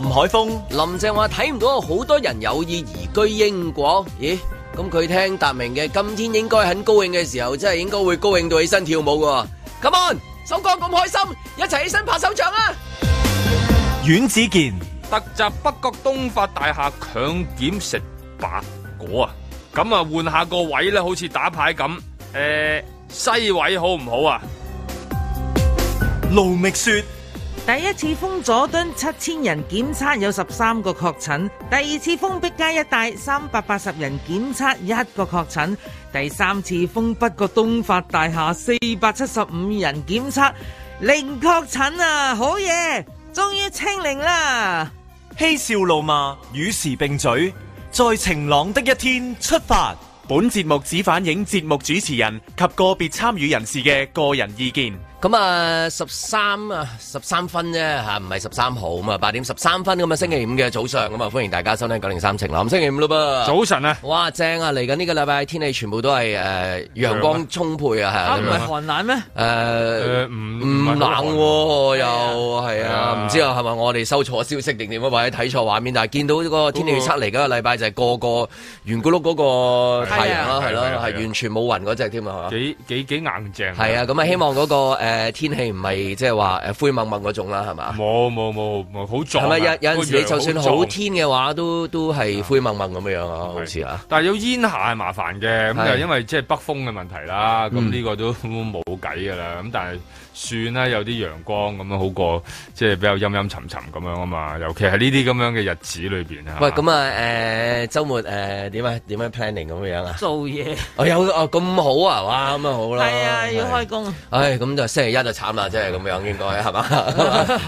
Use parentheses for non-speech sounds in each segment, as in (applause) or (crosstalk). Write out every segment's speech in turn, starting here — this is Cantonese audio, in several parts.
林海峰，林鄭話睇唔到啊，好多人有意移居英國。咦，咁佢聽達明嘅，今天應該很高興嘅時候，真係應該會高興到起身跳舞噶。come on，首歌咁開心，一齊起身拍手掌啊！阮子健，突襲北角東發大廈強劫食白果啊！咁啊，換下個位啦，好似打牌咁。誒，西位好唔好啊？盧覓雪。第一次封佐敦七千人檢測有十三個確診，第二次封碧街一帶三百八十人檢測一個確診，第三次封北角東發大廈四百七十五人檢測零確診啊！好嘢，終於清零啦！嬉笑怒罵與時並嘴，在晴朗的一天出發。本節目只反映節目主持人及個別參與人士嘅個人意見。咁啊，十三啊，十三分啫吓，唔係十三號啊嘛，八點十三分咁啊，星期五嘅早上咁啊，歡迎大家收聽九零三晴朗，咁星期五啦噃。早晨啊，哇，正啊，嚟緊呢個禮拜天氣全部都係誒陽光充沛啊，係啊。啊，唔係寒冷咩？誒，唔唔冷又係啊，唔知啊係咪我哋收錯消息定點啊？或者睇錯畫面？但係見到個天氣預測嚟緊個禮拜就係個個圓咕碌嗰個太陽啦，係咯，係完全冇雲嗰隻添啊，幾幾幾硬淨。係啊，咁啊，希望嗰個誒。誒，天氣唔係即係話誒灰蒙蒙嗰種啦，係嘛？冇冇冇，好重。係咪有有陣時就算好天嘅話，都都係灰蒙蒙咁樣咯，的好似像啊。但係有煙霞係麻煩嘅，咁就的因為即係北風嘅問題啦。咁呢的個都冇計噶啦。咁但係。算啦，有啲陽光咁樣好過，即係比較陰陰沉沉咁樣啊嘛。尤其係呢啲咁樣嘅日子裏邊啊。喂，咁啊，誒，週末誒點啊？點樣 planning 咁樣啊？做嘢。哦，有哦，咁好啊，哇，咁啊好啦。係啊，要開工。唉，咁就星期一就慘啦，即係咁樣應該係嘛？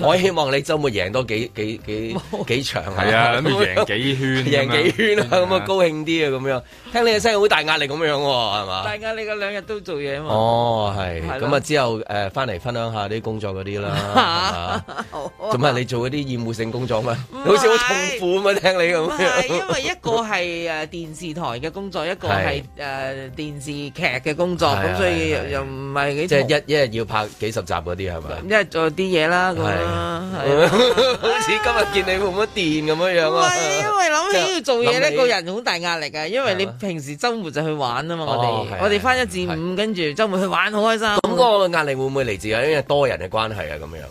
我希望你週末贏多幾幾幾幾場。係啊，諗住贏幾圈。贏幾圈啊，咁啊高興啲啊，咁樣。聽你嘅聲好大壓力咁樣喎，係嘛？大壓力嗰兩日都做嘢啊嘛。哦，係。咁啊，之後誒翻嚟。分享下啲工作嗰啲啦，咁啊你做嗰啲厭惡性工作咩？好似好痛苦咁啊！聽你咁，唔係因為一個係誒電視台嘅工作，一個係誒電視劇嘅工作，咁所以又唔係幾即係一一日要拍幾十集嗰啲係咪？一日做啲嘢啦，係，好似今日見你冇乜電咁樣樣啊！唔係因為諗起要做嘢咧，個人好大壓力噶，因為你平時周末就去玩啊嘛，我哋我哋翻一至五，跟住周末去玩好開心。咁個壓力會唔會嚟自？因為多人嘅關係啊，咁樣，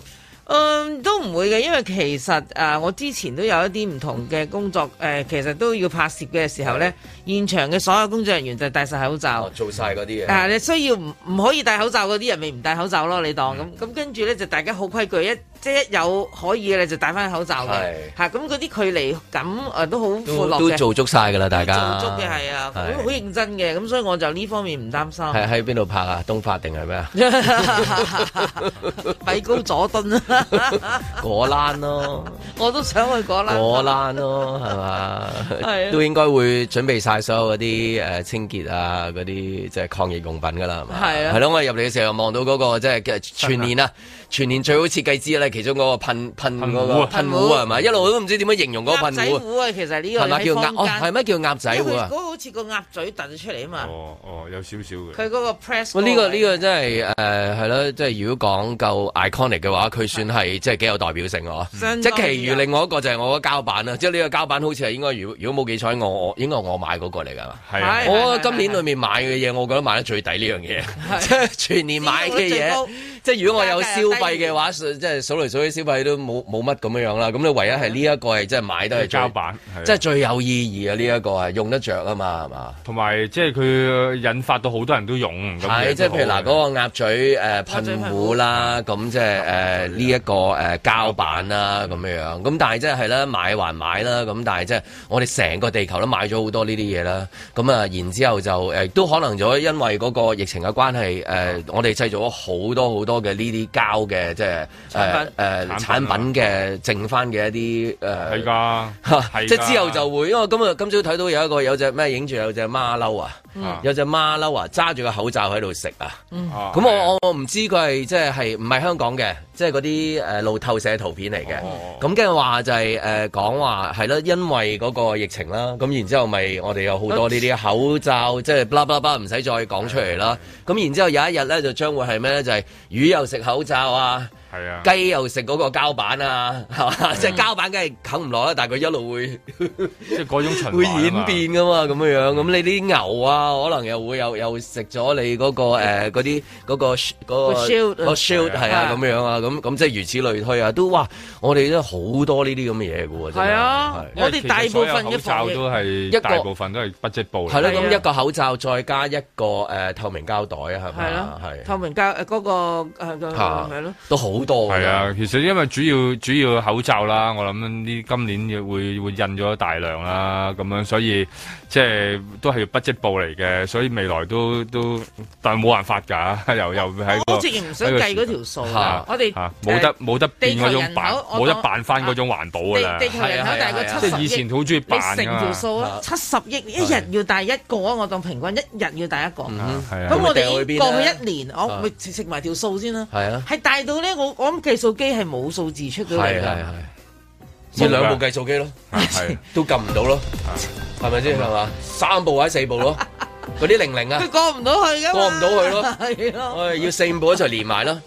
嗯，都唔會嘅，因為其實誒、啊，我之前都有一啲唔同嘅工作，誒、嗯，其實都要拍攝嘅時候呢，的現場嘅所有工作人員就戴晒口罩，哦、做晒嗰啲嘢。嗯、啊，你需要唔唔可以戴口罩嗰啲人，咪唔戴口罩咯，你當咁咁，跟住的呢就大家好規矩一。即係有可以嘅你就戴翻口罩嘅嚇。咁嗰啲距離感啊，都好都做足晒㗎啦，大家做足嘅係啊，好認真嘅。咁所以我就呢方面唔擔心。係喺邊度拍啊？東發定係咩啊？米高佐敦啊，果欄咯，我都想去果欄。果欄咯，係嘛？都應該會準備晒所有嗰啲誒清潔啊，嗰啲即係抗疫用品㗎啦，係嘛？係啊。係咯，我哋入嚟嘅時候望到嗰個即係全年啊，全年最好設計師咧。其中嗰個噴噴噴霧係咪一路都唔知點樣形容嗰個噴霧？鴨仔啊，其實呢個係講緊係咩叫鴨仔舞啊？嗰個好似個鴨嘴凸咗出嚟啊嘛！哦哦，有少少嘅。佢嗰個 press。呢個呢個真係誒係咯，即係如果講夠 iconic 嘅話，佢算係即係幾有代表性咯。即係其餘另外一個就係我個膠板啦。即係呢個膠板好似係應該，如果如果冇記錯，我我應該我買嗰個嚟㗎。係我今年裏面買嘅嘢，我覺得買得最抵呢樣嘢，即係全年買嘅嘢。即係如果我有消費嘅話，即係數嚟數去消費都冇冇乜咁樣樣啦。咁你唯一係呢一個係即係買得係膠板，即係最有意義嘅呢一個係用得着啊嘛，係嘛？同埋即係佢引發到好多人都用。係，即係譬如嗱，嗰個鴨嘴誒噴霧啦，咁即係呢一個誒膠板啦咁樣樣。咁但係即係係啦買還買啦。咁但係即係我哋成個地球都買咗好多呢啲嘢啦。咁啊，然之後就誒都可能咗因為嗰個疫情嘅關係，誒我哋製造咗好多好多嘅呢啲膠嘅即係誒誒產品嘅，呃、剩翻嘅一啲誒係㗎，即係之後就會，因為今日今朝睇到有一個有隻咩影住有隻馬騮啊。有隻馬騮啊，揸住個口罩喺度食啊！咁我我唔知佢係即係係唔係香港嘅，即係嗰啲誒路透社圖片嚟嘅。咁跟住話就係誒講話係啦，因為嗰個疫情啦，咁然之後咪我哋有好多呢啲口罩，即係啦啦啦，唔使再講出嚟啦。咁、啊啊、然之後有一日咧，就將會係咩咧？就係魚又食口罩啊！係啊，雞又食嗰個膠板啊，係嘛？即係膠板梗係啃唔落啦，但係佢一路會即係嗰種循會演變噶嘛，咁樣樣咁你啲牛啊，可能又會又又食咗你嗰個誒嗰啲嗰個嗰個嗰個 shield 係啊咁樣啊，咁咁即係如此類推啊，都哇！我哋都好多呢啲咁嘅嘢噶喎。係啊，我哋大部分嘅口罩都係一大部分都係不織布嚟。係咯，咁一個口罩再加一個誒透明膠袋啊，係咪？係透明膠誒嗰個誒嘅係咯，都好。係啊，其實因為主要主要口罩啦，我諗啲今年會會印咗大量啦，咁樣所以即係都係要不織布嚟嘅，所以未來都都但係冇辦法噶，又又喺我直情唔想計嗰條數，我哋冇得冇得地球人口冇得辦翻嗰種環保噶啦，係啊！即係以前好中意辦成條數七十億一日要帶一個，我當平均一日要帶一個，咁我哋過去一年我會食埋條數先啦，係啊，係大到呢我。我諗，計數機係冇數字出到嚟噶，要兩部計數機咯，都撳唔到咯，係咪先係嘛？三部或者四部咯，嗰啲零零啊，佢過唔到去噶，過唔到去咯，係咯，要四五部一齊連埋咯，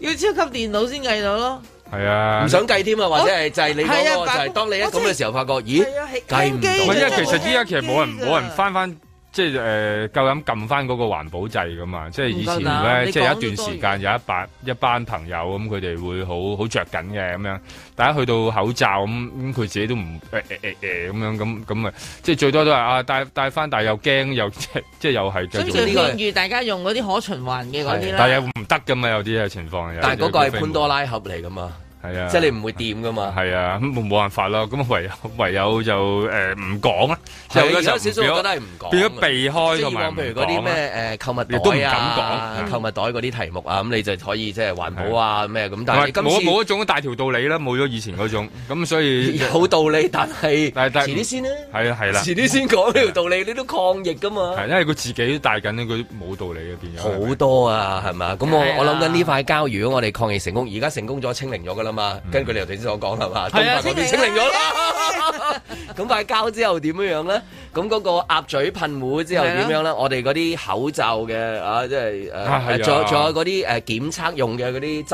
要超級電腦先計到咯，係啊，唔想計添啊，或者係就係你嗰個就係當你一咁嘅時候發覺，咦，計唔到，因為其實依家其實冇人冇人翻翻。即係欸夠膽撳翻嗰個環保制㗎嘛？即係以前咧，啊、即係有一段時間有一班一班朋友咁，佢哋會好好着緊嘅咁樣。大家去到口罩咁，咁佢自己都唔、欸欸欸、咁樣咁咁啊！即係最多都係啊帶帶返，但又驚又即係又係。所以就建議大家用嗰啲可循環嘅嗰啲啦。但係唔得噶嘛，有啲嘅情況。但係嗰個係潘多拉盒嚟噶嘛。係啊，即係你唔會掂噶嘛？係啊，咁冇冇辦法咯？咁唯有唯有就誒，唔講啦，有少少覺得係唔講，變咗避開譬如嗰啲咩誒購物袋啊，都唔敢講，購物袋嗰啲題目啊，咁你就可以即係環保啊咩咁。但係冇冇一種大條道理啦，冇咗以前嗰種咁，所以有道理，但係遲啲先啦，係啦，係啦，遲啲先講呢條道理，你都抗疫噶嘛？係因為佢自己帶緊咧，佢冇道理嘅變咗。好多啊，係咪？咁我我諗緊呢塊膠，如果我哋抗疫成功，而家成功咗清零咗噶啦。嘛，根據你頭先所講係嘛，東北嗰邊清零咗啦。咁快膠之後點樣樣咧？咁個鴨嘴噴壺之後點樣咧？我哋嗰啲口罩嘅啊，即係誒仲有仲有嗰啲誒檢測用嘅嗰啲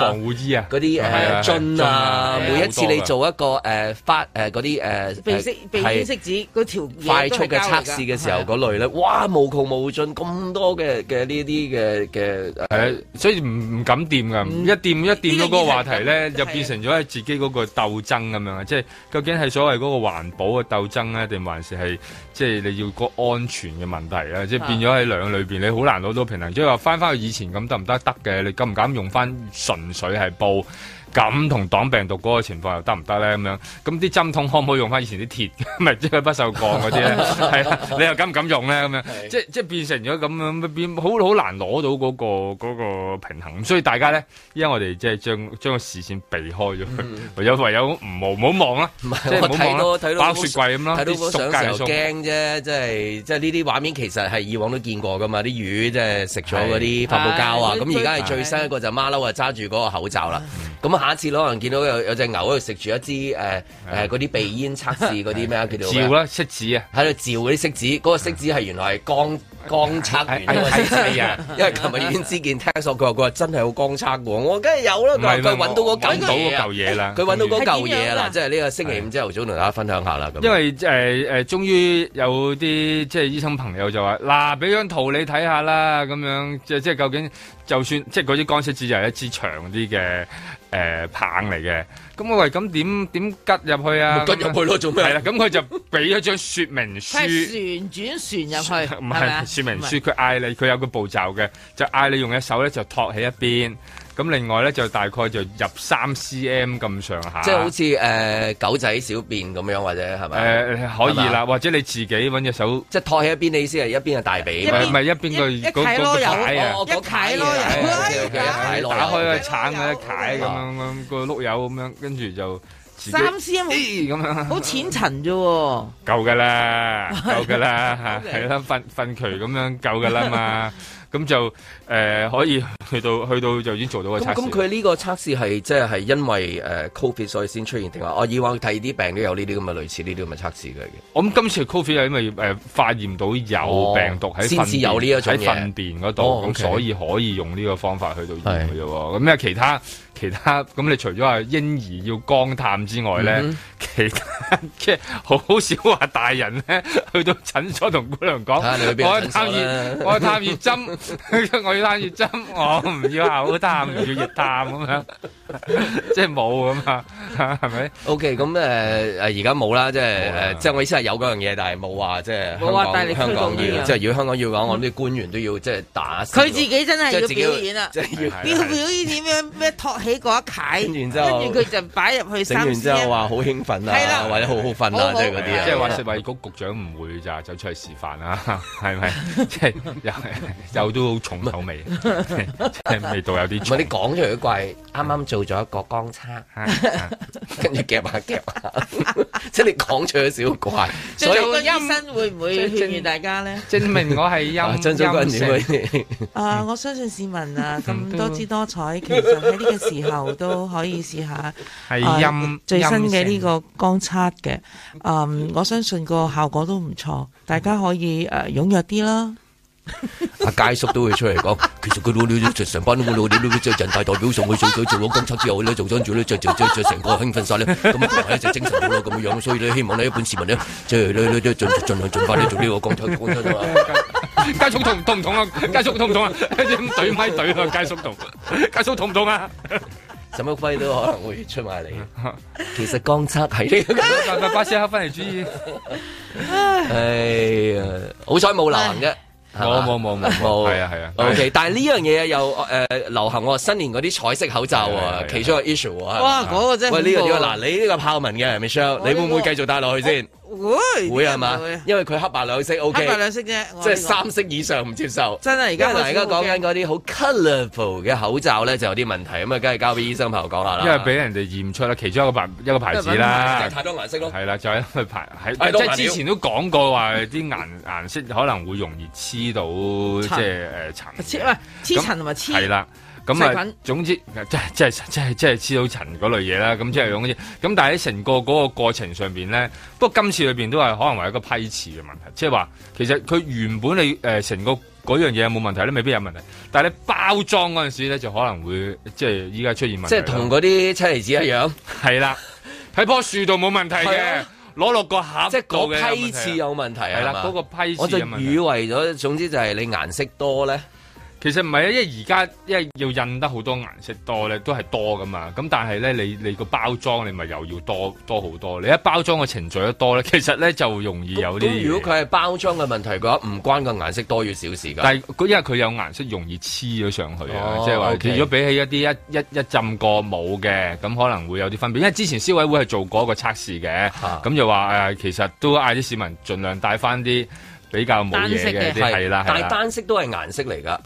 防護衣啊，嗰啲誒樽啊，每一次你做一個誒發誒嗰啲誒鼻色鼻咽拭子嗰條快速嘅測試嘅時候嗰類咧，哇無窮無盡咁多嘅嘅呢啲嘅嘅誒，所以唔唔敢掂㗎，唔一掂一掂嗰個話題。係咧，又、嗯就是、變成咗係自己嗰個鬥爭咁樣啊！即係究竟係所謂嗰個環保嘅鬥爭咧，定還是係即係你要個安全嘅問題咧？即係變咗喺兩裏邊，你好難攞到平衡。即係話翻翻去以前咁得唔得？得嘅，你敢唔敢用翻純粹係煲？咁同擋病毒嗰個情況又得唔得咧？咁樣咁啲針筒，可唔可以用翻以前啲鐵，咪係即係不銹鋼嗰啲咧？係你又敢唔敢用咧？咁樣即係即係變成咗咁樣變，好好難攞到嗰個嗰個平衡。所以大家咧，因為我哋即係將將個視線避開咗，唯有唯有唔好唔好望啦。即係睇到睇到雪櫃咁咯，睇到啲相驚啫，即係即係呢啲畫面其實係以往都見過噶嘛。啲魚即係食咗嗰啲發泡膠啊，咁而家係最新一個就馬騮啊，揸住嗰個口罩啦。咁下一次可能見到有有隻牛喺度食住一支誒，嗰啲鼻咽測試嗰啲咩叫做照啦，試紙啊，喺度照嗰啲試紙，嗰、那個試紙係原來係光光測嘅、啊。 (laughs) 因為琴日尹志健聽咗，佢話佢話真係好光測喎，我梗係有啦，佢揾到嗰嚿嗰嘢啦，佢揾到嗰嚿嘢啦。即係呢個星期五朝頭早同大家分享下啦。因為誒誒，終、呃、於、呃、有啲即係醫生朋友就話嗱，俾、啊、張圖你睇下啦，咁樣即即係究竟，就算即係嗰啲光試紙就係一支長啲嘅。.誒、呃、棒嚟嘅，咁我喂咁點點吉入去啊？吉入去咯，做咩？係啦，咁佢就俾一張說明書， (laughs) 旋轉旋入去，唔係說，吧說明書，佢嗌是你，佢有個步驟嘅，就嗌你用一手咧就托喺一邊。咁另外咧就大概就入三 CM 咁上下，即係好似誒狗仔小便咁樣或者係咪？誒可以啦，或者你自己揾隻手，即係抬起一邊你意思係，一邊係大髀，唔係一邊個嗰嗰嗰嗰碌柚，一攤咯，有，一攤咯，有，OK OK，打開個橙啊，一攤咁樣樣個碌柚咁樣，跟住就三 CM 咁樣，好淺層啫，夠㗎啦，夠㗎啦，係係啦，瞓瞓渠咁樣夠㗎啦嘛。咁就誒、呃、可以去到去到就已經做到個測試。咁佢呢個測試係，即係因為誒 Covid 所以先出現定話？我以往睇啲病都有呢啲咁嘅類似呢啲咁嘅測試嘅。咁今次 Covid 係因為誒、呃、發現到有病毒喺先至有呢一種喺糞便嗰度，咁、哦 okay、所以可以用呢個方法去到驗佢啫。咁咩是其他？其他咁，你除咗啊嬰兒要肛探之外咧，其他即係好少話大人咧去到診所同姑娘講：我探熱，我探熱針，我要探熱針，我唔要啊，喉探，唔要熱探咁樣，即係冇咁啊，係咪？OK，咁誒誒而家冇啦，即係誒，即係我意思係有嗰樣嘢，但係冇話即係冇話。但係香港要，即係如果香港要講，我諗啲官員都要即係打。佢自己真係要表演啦，要表演啲咩起嗰一契，跟住佢就擺入去。整完之後話好興奮啊，或者好好瞓啊，即係嗰啲啊，即係話食衞局局長唔會咋，就走出去示範啊，係咪？即係又都好重口味，即係味道有啲重。唔係你講出嚟都怪，啱啱做咗一個光叉，跟住夾下夾下，即係你講出少怪。所以個音會唔會勸喻大家咧？證明我係陰陰性。啊，我相信市民啊，咁多姿多彩，其實喺呢個時時候 (laughs) 都可以試下係用最新嘅呢個光測嘅，嗯性，um，我相信個效果都唔錯，大家可以誒踴躍啲啦。 (laughs) 啊阿佳叔都會出嚟講，其實佢成班都我人大代表上去做做做咗公測之後咧，做緊住咧，就就就成個興奮晒咧，咁啊一隻精神咁樣，所以咧希望咧一般市民咧，即係咧咧咧盡盡量盡快咧做呢個公測。佳叔痛唔痛唔痛啊？佳叔痛唔痛啊？啲懟咪懟向佳叔度，佳叔痛唔痛啊？沈旭輝都可能會出埋嚟。其實公測係巴士黑番黎主意。哎呀，好彩冇難嘅。冇冇冇冇，係啊係啊。OK，但係呢樣嘢又誒流行喎，哦，新年嗰啲彩色口罩啊，其中一個 issue 啊。哇，嗰個真係，喂，呢個呢個嗱，你呢個豹紋嘅 Michelle，你會唔會繼續戴落去先，啊？啊啊會會係嘛？因為佢黑白兩色，OK，黑白兩色啫，即係三色以上唔接受。真係而家嗱，而家講緊嗰啲好 colourful 嘅口罩咧，就有啲問題，咁啊，梗係交俾醫生朋友講下啦。因為俾人哋驗出啦，其中一個牌一個牌子啦，太多顏色咯，係啦，就係一個牌子，係即係之前都講過話，啲顏顏色可能會容易黐到即係誒層黐，黐層同埋黐。呃咁啊，總之，菌即係即係即係即係黐到塵嗰類嘢啦，咁即係總之。咁但係喺成個嗰個過程上邊咧，不過今次裏邊都係可能為一個批次嘅問題，即係話其實佢原本你誒成、呃、個嗰樣嘢冇問題咧，未必有問題，但係你包裝嗰陣時咧就可能會即係依家出現問題。即係同嗰啲車厘子一樣，係啦，喺樖樹度冇問題嘅，攞落、啊、個盒，即係個批次有問題，係啦了，嗰吧個批次。我就以為咗，總之就係你顏色多咧。其實唔係啊，因為而家因為要印得好多顏色多咧，都係多噶嘛。咁但係咧，你你個包裝你咪又要多多好多。你一包裝嘅程序一多咧，其實咧就容易有啲。如果佢係包裝嘅問題嘅話，唔關個顏色多與少事噶。但係嗰因為佢有顏色容易黐咗上去啊，即係話。okay 如果比起一啲一一一浸過冇嘅，咁可能會有啲分別。因為之前消委會係做過一個測試嘅，咁、啊、就話、呃、其實都嗌啲市民盡量帶翻啲比較冇嘢嘅啲係啦。但係單色都係顏色嚟㗎。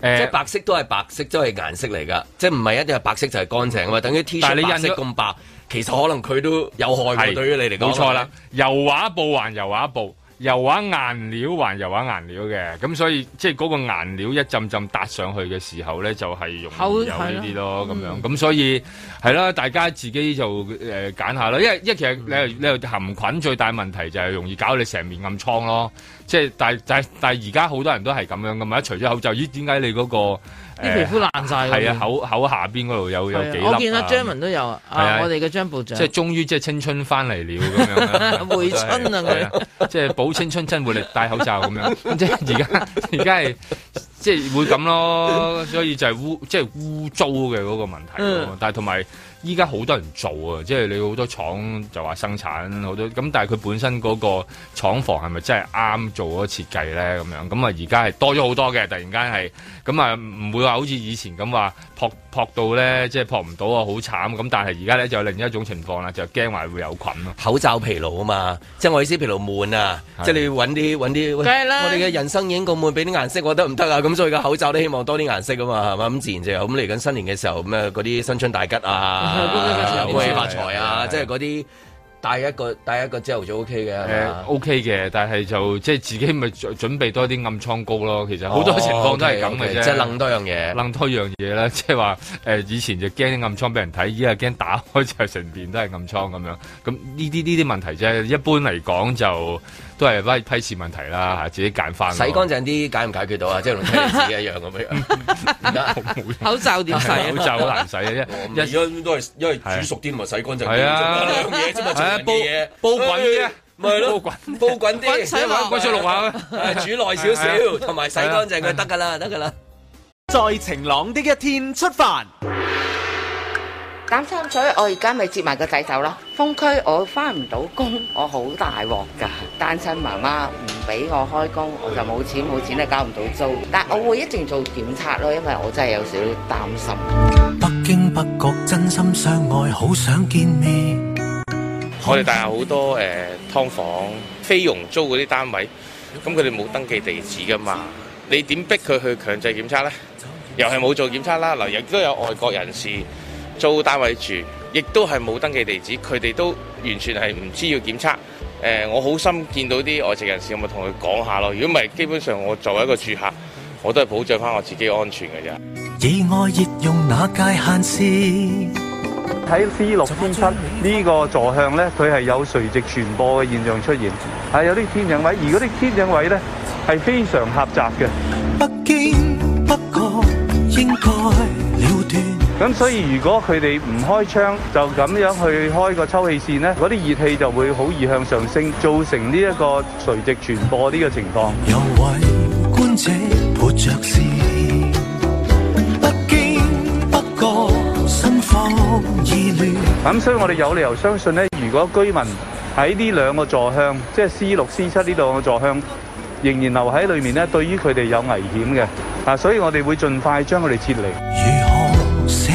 呃、即白色都係白色，都、就、係、是、顏色嚟㗎，即係唔係一定係白色就係乾淨，㗎嘛。等於 T 恤白色咁白，其實可能佢都有害喎。是對於你嚟講，冇錯啦，油畫布還油畫布。油畫顏料還油畫顏料嘅，咁所以即係嗰個顏料一浸浸搭上去嘅時候咧，就係、係、容易有呢啲咯，咁好樣，咁、嗯、所以係啦，大家自己就誒揀、呃、下咯，因為因為其實你你含菌最大問題就係容易搞你成面暗瘡咯，即係但係但但而家好多人都係咁樣噶嘛，除咗口罩，咦點解你嗰、嗰個？啲皮膚爛晒，係、哎、啊口口下邊嗰度有有幾粒，我見到張文都有啊，我哋嘅張部長，啊、即係終於即係青春翻嚟了咁 (laughs) 樣， (laughs) 回春了 (laughs) 啊，即、就、係、是、保青春真活力戴口罩咁樣，即係而家而家係即係會咁咯，所以就係污即係、就是、污糟嘅嗰個問題，嗯、但係同埋。依家好多人做啊，即係你好多廠就話生產好多，咁但係佢本身嗰個廠房係咪真係啱做嗰個設計咧？咁樣咁啊，而家係多咗好多嘅，突然間係咁啊，唔會話好似以前咁話。撲，撲到咧，即係撲唔到啊，好慘！咁但係而家咧就有另一種情況啦，就驚話會有菌咯、啊。口罩疲勞啊嘛，即係我意思疲勞悶啊，的即係你搵啲搵啲，我哋嘅人生已經咁悶，俾啲顏色，我得唔得啊！咁所以個口罩都希望多啲顏色啊嘛，係、嗯、嘛？咁自然就咁嚟緊新年嘅時候，咁啊嗰啲新春大吉啊，恭喜發財啊，即係嗰啲。帶一個帶一個朝頭早 OK 嘅、嗯、嗎，OK 嘅，但係就即係自己咪準準備多啲暗瘡膏咯。其實好多情況都係咁嘅啫，即就諗多樣嘢，諗多樣嘢咧，即係話誒以前就驚啲暗瘡俾人睇，而家驚打開之後成面都係暗瘡咁樣。咁呢啲呢啲問題啫，一般嚟講就。都係批批次問題啦，嚇自己揀翻。洗乾淨啲解唔解決到啊？即係同自己一樣咁樣。口罩點洗啊？口罩好難洗啊啫。而家都係因為煮熟啲同埋洗乾淨。係啊，兩樣嘢啫嘛，煲嘢嘢，煲滾啲啊，咪咯，煲滾啲。煲滾啲，攰就攰，想錄下啦。煮耐少少，同埋洗乾淨佢得噶啦，得噶啦。在晴朗的一天出發。擔心，所以，我而家咪接埋個仔走咯。封區我翻唔到工，我好大鑊噶。單身媽媽唔俾我開工，我就冇錢，冇錢都交唔到租。但係我會一定做檢測咯，因為我真係有少少擔心。北京北角，真心相愛，好想見面。我哋大廈有好多誒劏房、非容租嗰啲單位，咁佢哋冇登記地址噶嘛？你點逼佢去強制檢測呢？又係冇做檢測啦。嗱，亦都有外國人士。租單位住，亦都係冇登記地址，佢哋都完全係唔知要檢測、呃。我好心見到啲外籍人士，咁咪同佢講下咯。如果唔係，基本上我作為一個住客，我都係保障翻我自己安全嘅啫。以外熱用那界限線，睇 C 六天室呢個座向咧，佢係有垂直傳播嘅現象出現。係有啲天井位，而嗰啲天井位咧係非常狹窄嘅。北京不過應該了斷。咁所以如果佢哋唔開窗，就咁樣去開個抽氣扇咧，嗰啲熱氣就會好易向上升，造成呢一個垂直傳播呢個情況。有圍觀者撥著扇，不經不覺心慌意亂。咁所以我哋有理由相信咧，如果居民喺呢兩個座向，即係 C 六、C 七呢兩個座向，仍然留喺裏面咧，對於佢哋有危險嘅。嗱，所以我哋會盡快將佢哋撤離。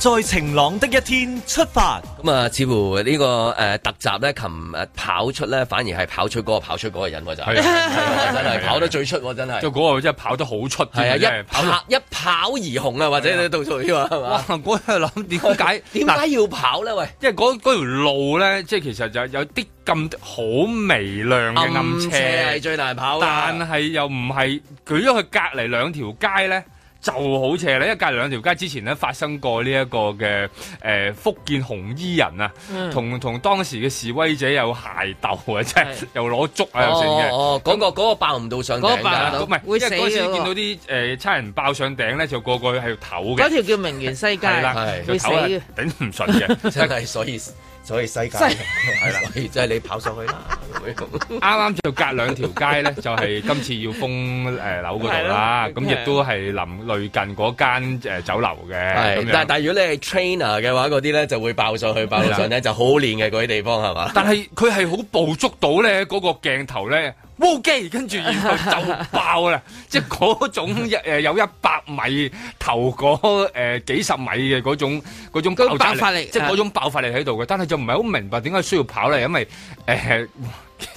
在晴朗的一天出發。咁啊，似乎、呢個呃、特集呢個誒特集咧，琴日跑出咧，反而係跑出嗰、嗰個跑出嗰個人喎，就係、啊 (laughs) 啊、真係跑得最出、啊，真係、啊。就嗰個真係跑得好出。係啊，一、啊、跑，跑一跑而紅啊，或者你到出啊嘛吧？我嗰日諗點解點解要跑咧？喂，因為嗰條路咧，即係其實就有啲咁好微量嘅暗斜係最難跑。但係又唔係，舉咗佢隔離兩條街咧。就好邪啦，因為隔籬兩條街之前咧發生過呢、這、一個嘅、呃、福建紅衣人啊，嗯、同同當時嘅示威者有械鬥啊，即係是又攞竹啊，又剩嘅。嗰那那、那個嗰、那個爆唔到上頂㗎，唔係，因為嗰次見到啲誒差人爆上頂咧，就個個喺度唞嘅。嗰條叫明園西街，係 (laughs) 啦，是就會死嘅，頂唔順嘅，真係所以。所以世界係啦，即係你跑上去啦。啱啱就隔兩條街咧，就係今次要封誒樓嗰度啦。咁亦都係臨鄰近嗰間誒酒樓嘅。係，但係但係如果你係 trainer 嘅話，嗰啲咧就會爆上去，爆上去咧就好練嘅嗰啲地方係嘛？但係佢係好捕捉到咧嗰個鏡頭咧。烏雞，跟住、okay, 然後就爆啦， (laughs) 即係嗰種誒有一百米頭嗰誒、呃、幾十米嘅嗰種嗰種、種爆發力，即係嗰種爆發力喺度嘅。但係就唔係好明白點解需要跑咧，因為誒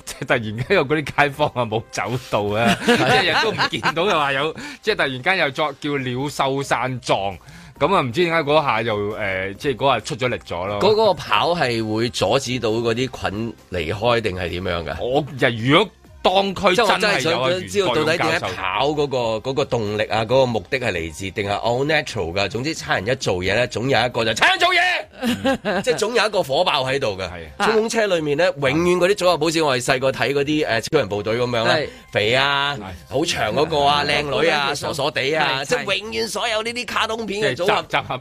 即係突然間有嗰啲街坊啊冇走到啊，一日 (laughs) 都唔見到又話 (laughs) 有，即係突然間又作叫鳥獸散狀。咁啊，唔知點解嗰下又誒即係嗰下出咗力咗啦。嗰個跑係會阻止到嗰啲菌離開定係點樣嘅？我日當佢，即我真係想知道到底點解跑嗰個嗰個動力啊，嗰個目的係嚟自，定係 all natural 噶總之，差人一做嘢咧，總有一個就差人做嘢，即係總有一個火爆喺度噶。係衝鋒車裏面咧，永遠嗰啲組合，好似我哋細個睇嗰啲誒超人部隊咁樣咧，肥啊，好長嗰個啊，靚女啊，傻傻哋啊，即係永遠所有呢啲卡通片嘅組合集合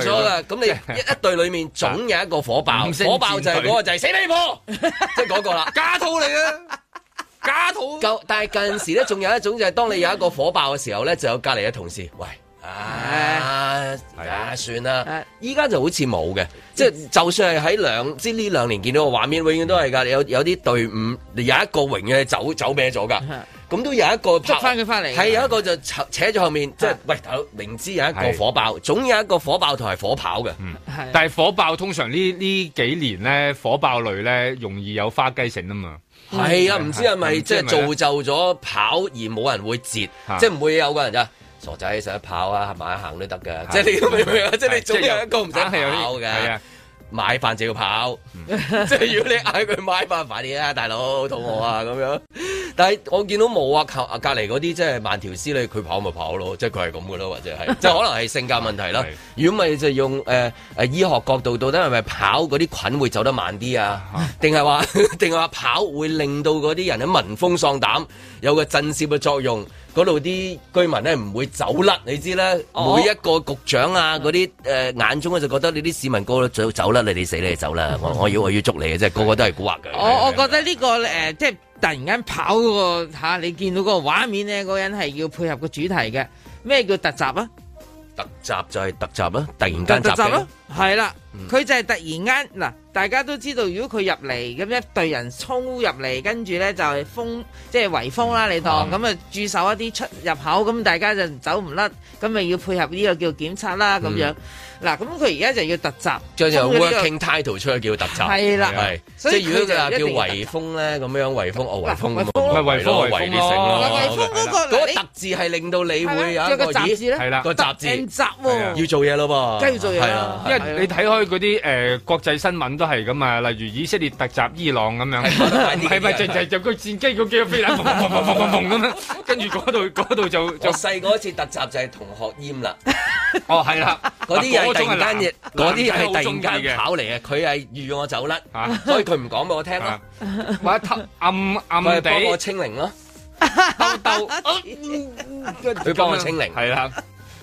集咗啦。咁你一隊裏面總有一個火爆，火爆就係嗰個就係死飛婆，即係嗰個啦，加粗嚟嘅。加套。 (laughs) 但係近時咧，仲有一種就係，當你有一個火爆嘅時候咧，就有隔籬嘅同事，喂，啊，啊啊算啦，依家就好似冇嘅，即係就算係喺兩即係呢兩年見到個畫面，永遠都係㗎。有有啲隊伍有一個永遠走走歪咗㗎，咁的都有一個捉翻佢翻嚟，係的有一個就扯咗後面，即係的、就是、喂，我明知有一個火爆，的總有一個火爆同係火跑嘅、嗯，但係火爆通常呢呢幾年咧，火爆類咧容易有花雞成啊嘛。係、嗯、啊，唔知係咪即係造就咗跑而冇人會截，即係唔會有個人啊傻仔想跑啊，係咪行都得嘅，即係是、啊、是你咁啊即係你總有一個唔想跑嘅。是啊 (laughs) 買飯就要跑，嗯、即係如果你嗌佢買飯快啲啊，大佬肚餓啊咁樣。但係我見到冇啊，隔隔離嗰啲即係慢條斯理，佢跑咪跑咯，即係佢係咁噶咯，或者係，即係可能係性格問題啦。如果咪就用誒誒、呃、醫學角度到底係咪跑嗰啲菌會走得慢啲啊？定係話定係話跑會令到嗰啲人喺聞風喪膽，有個震懾嘅作用？嗰度啲居民咧唔會走甩，你知啦。哦、每一個局長啊，嗰啲誒眼中咧就覺得你啲市民個個走甩，你哋死你哋走啦！ (laughs) 我要我要捉你嘅，即係個個都係蠱惑嘅。我我覺得呢、這個誒、呃，即係突然間跑嗰、那個、啊、你見到嗰個畫面咧，嗰人係要配合個主題嘅。咩叫突襲啊？特集就係特集啦，突然間集咯係啦，佢，啊嗯、就係突然間嗱，大家都知道，如果佢入嚟咁一隊人衝入嚟，跟住呢就係封，即係圍封啦，嗯，你當咁啊駐守一啲出入口，咁大家就走唔甩，咁咪要配合呢個叫檢測啦，咁樣。嗯嗱，咁佢而家就要突襲，就由 Working Title 出去叫突襲，係啦，即係如果佢話叫維峰咧，咁樣維峰，我峰，咁唔係峰。豐，維豐成咯。維豐嗰個嗰個突字係令到你會有個字，係啦個字，人雜喎，要做嘢咯噃，跟住做嘢，因為你睇開嗰啲國際新聞都係咁啊，例如以色列突襲伊朗咁樣，係就咁，跟住嗰度嗰度就就細嗰次突襲就係同學閹啦，哦係啦，嗰啲嘢。中間嘅嗰啲係第二界嘅考嚟嘅，佢係預我走甩，啊、所以佢唔講俾我聽咯，或者暗暗佢俾我清零咯，斗斗佢幫我清零，係啦，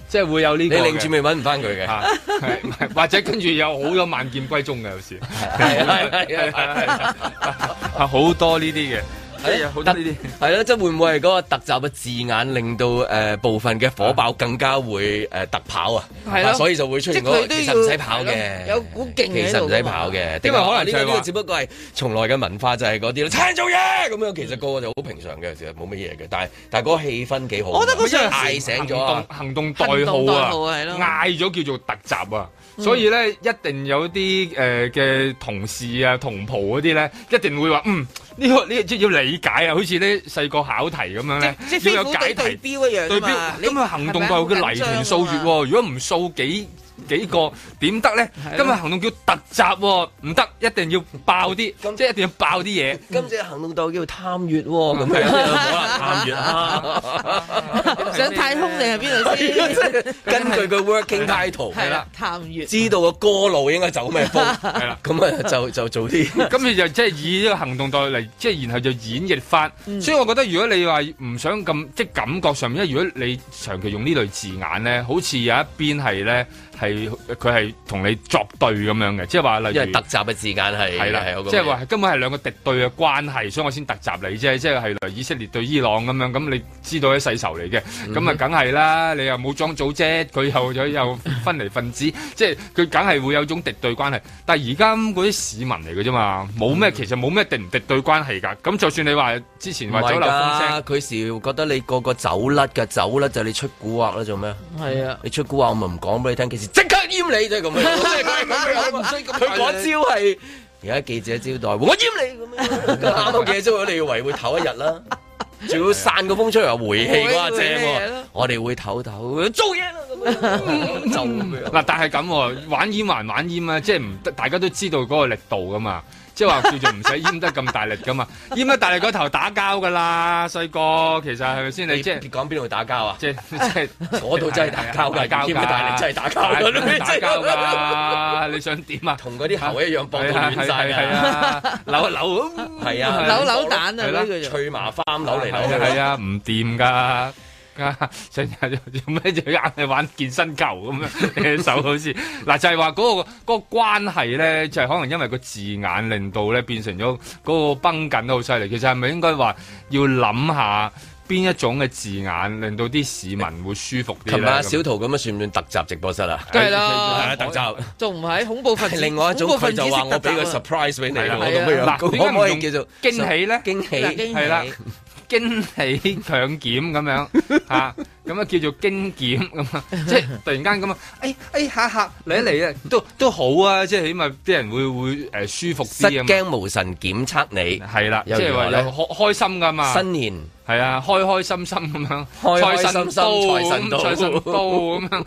即係會有呢個的。你擰住咪揾唔翻佢嘅，或者跟住有好多萬劍歸宗嘅有時，係係係係係好多呢啲嘅。係啊，好得呢啲。係啦，即係會唔會係嗰個特集嘅字眼，令到誒、呃、部分嘅火爆更加會誒、呃、特跑啊？係咯的，所以就會出現嗰個。其實唔使跑嘅。有股勁喺度其實唔使跑嘅。因為可能呢啲、這個、只不過係從來嘅文化就係嗰啲啦。請做嘢咁樣，其實個個就好平常嘅，其實冇乜嘢嘅。但係但係嗰個氣氛幾好。我覺得嗌醒咗、啊、行動代號啊，嗌咗、啊啊、叫做特集啊，嗯、所以咧一定有啲誒嘅同事啊、同袍嗰啲咧，一定會話嗯。呢、這個呢即、這個、要理解啊，好似咧細個考題咁樣咧，即即有解題對標一樣嘛。咁啊你行動過後嘅泥田掃喎，是是如果唔掃幾？幾個點得咧？今日行動叫突襲，唔得，一定要爆啲，即一定要爆啲嘢。今次行動代號叫探月，探月啊！想太空你係邊度先？根據佢 working title 係啦，探月知道個歌路應該走咩風係啦，咁啊就就做啲。今次就即係以呢個行動代號嚟，即係然後就演繹翻。所以我覺得如果你話唔想咁，即感覺上面，因為如果你長期用呢類字眼咧，好似有一邊係咧。係佢係同你作對咁樣嘅，即係話例如，因為突襲嘅時間係係啦，即係話根本係兩個敵對嘅關係，所以我先突襲你啫。即係係以色列對伊朗咁樣，咁你知道係世仇嚟嘅，咁啊梗係啦，你又冇裝組啫，佢又又分離分子， (laughs) 即係佢梗係會有種敵對關係。但係而家嗰啲市民嚟嘅啫嘛，冇咩、嗯、其實冇咩敵唔敵對關係㗎。咁就算你話之前話走漏風聲，佢時覺得你個個走甩㗎，走甩就你出古惑啦，做咩？係啊的，你出古惑我咪唔講俾你聽，其實即刻閹你啫咁，佢嗰招係而家記者招待會我閹你咁咩？打到幾多？你以為會唞一日啦？仲要散個風出去，回氣正，我哋會唞唞 (laughs) 做嘢啦。就嗱、是， (laughs) 但係咁玩閹還玩閹啊，即係唔大家都知道嗰個力度噶嘛。即係話叫做唔使淹得咁大力㗎嘛，淹得大力嗰頭打交㗎啦，細個其實係咪先？你即係講邊度打交啊？即係即係度真係打交㗎，淹得大力真係打交㗎，打交㗎！你想點啊？同嗰啲猴一樣，搏到亂曬啊！扭啊扭，係啊，扭扭蛋啊！呢個就脆麻花扭嚟扭去，係啊，唔掂㗎。啊！成日做咩就硬係玩健身球咁樣， (laughs) 手好，好似嗱就係話嗰個嗰、嗰個關係咧，就係、係、可能因為個字眼令到咧變成咗嗰個崩緊好犀利。其實係咪應該話要諗下？邊一種嘅字眼令到啲市民會舒服啲？琴日小圖咁樣算唔算突襲直播室啊？梗係啦，突襲仲唔係恐怖分子？另外一種佢就話我俾個 surprise 俾你啦，嗱，如果唔可以叫做驚喜咧？驚喜係啦，驚喜強檢咁樣吓，咁啊叫做驚檢咁啊，即係突然間咁啊，哎哎下吓嚟啊嚟啊，都都好啊，即係起碼啲人會會誒舒服啲，失驚無神檢測你係啦，即係話咧開開心噶嘛，新年。係啊，開開心心咁樣，財神到，財神財神到咁樣，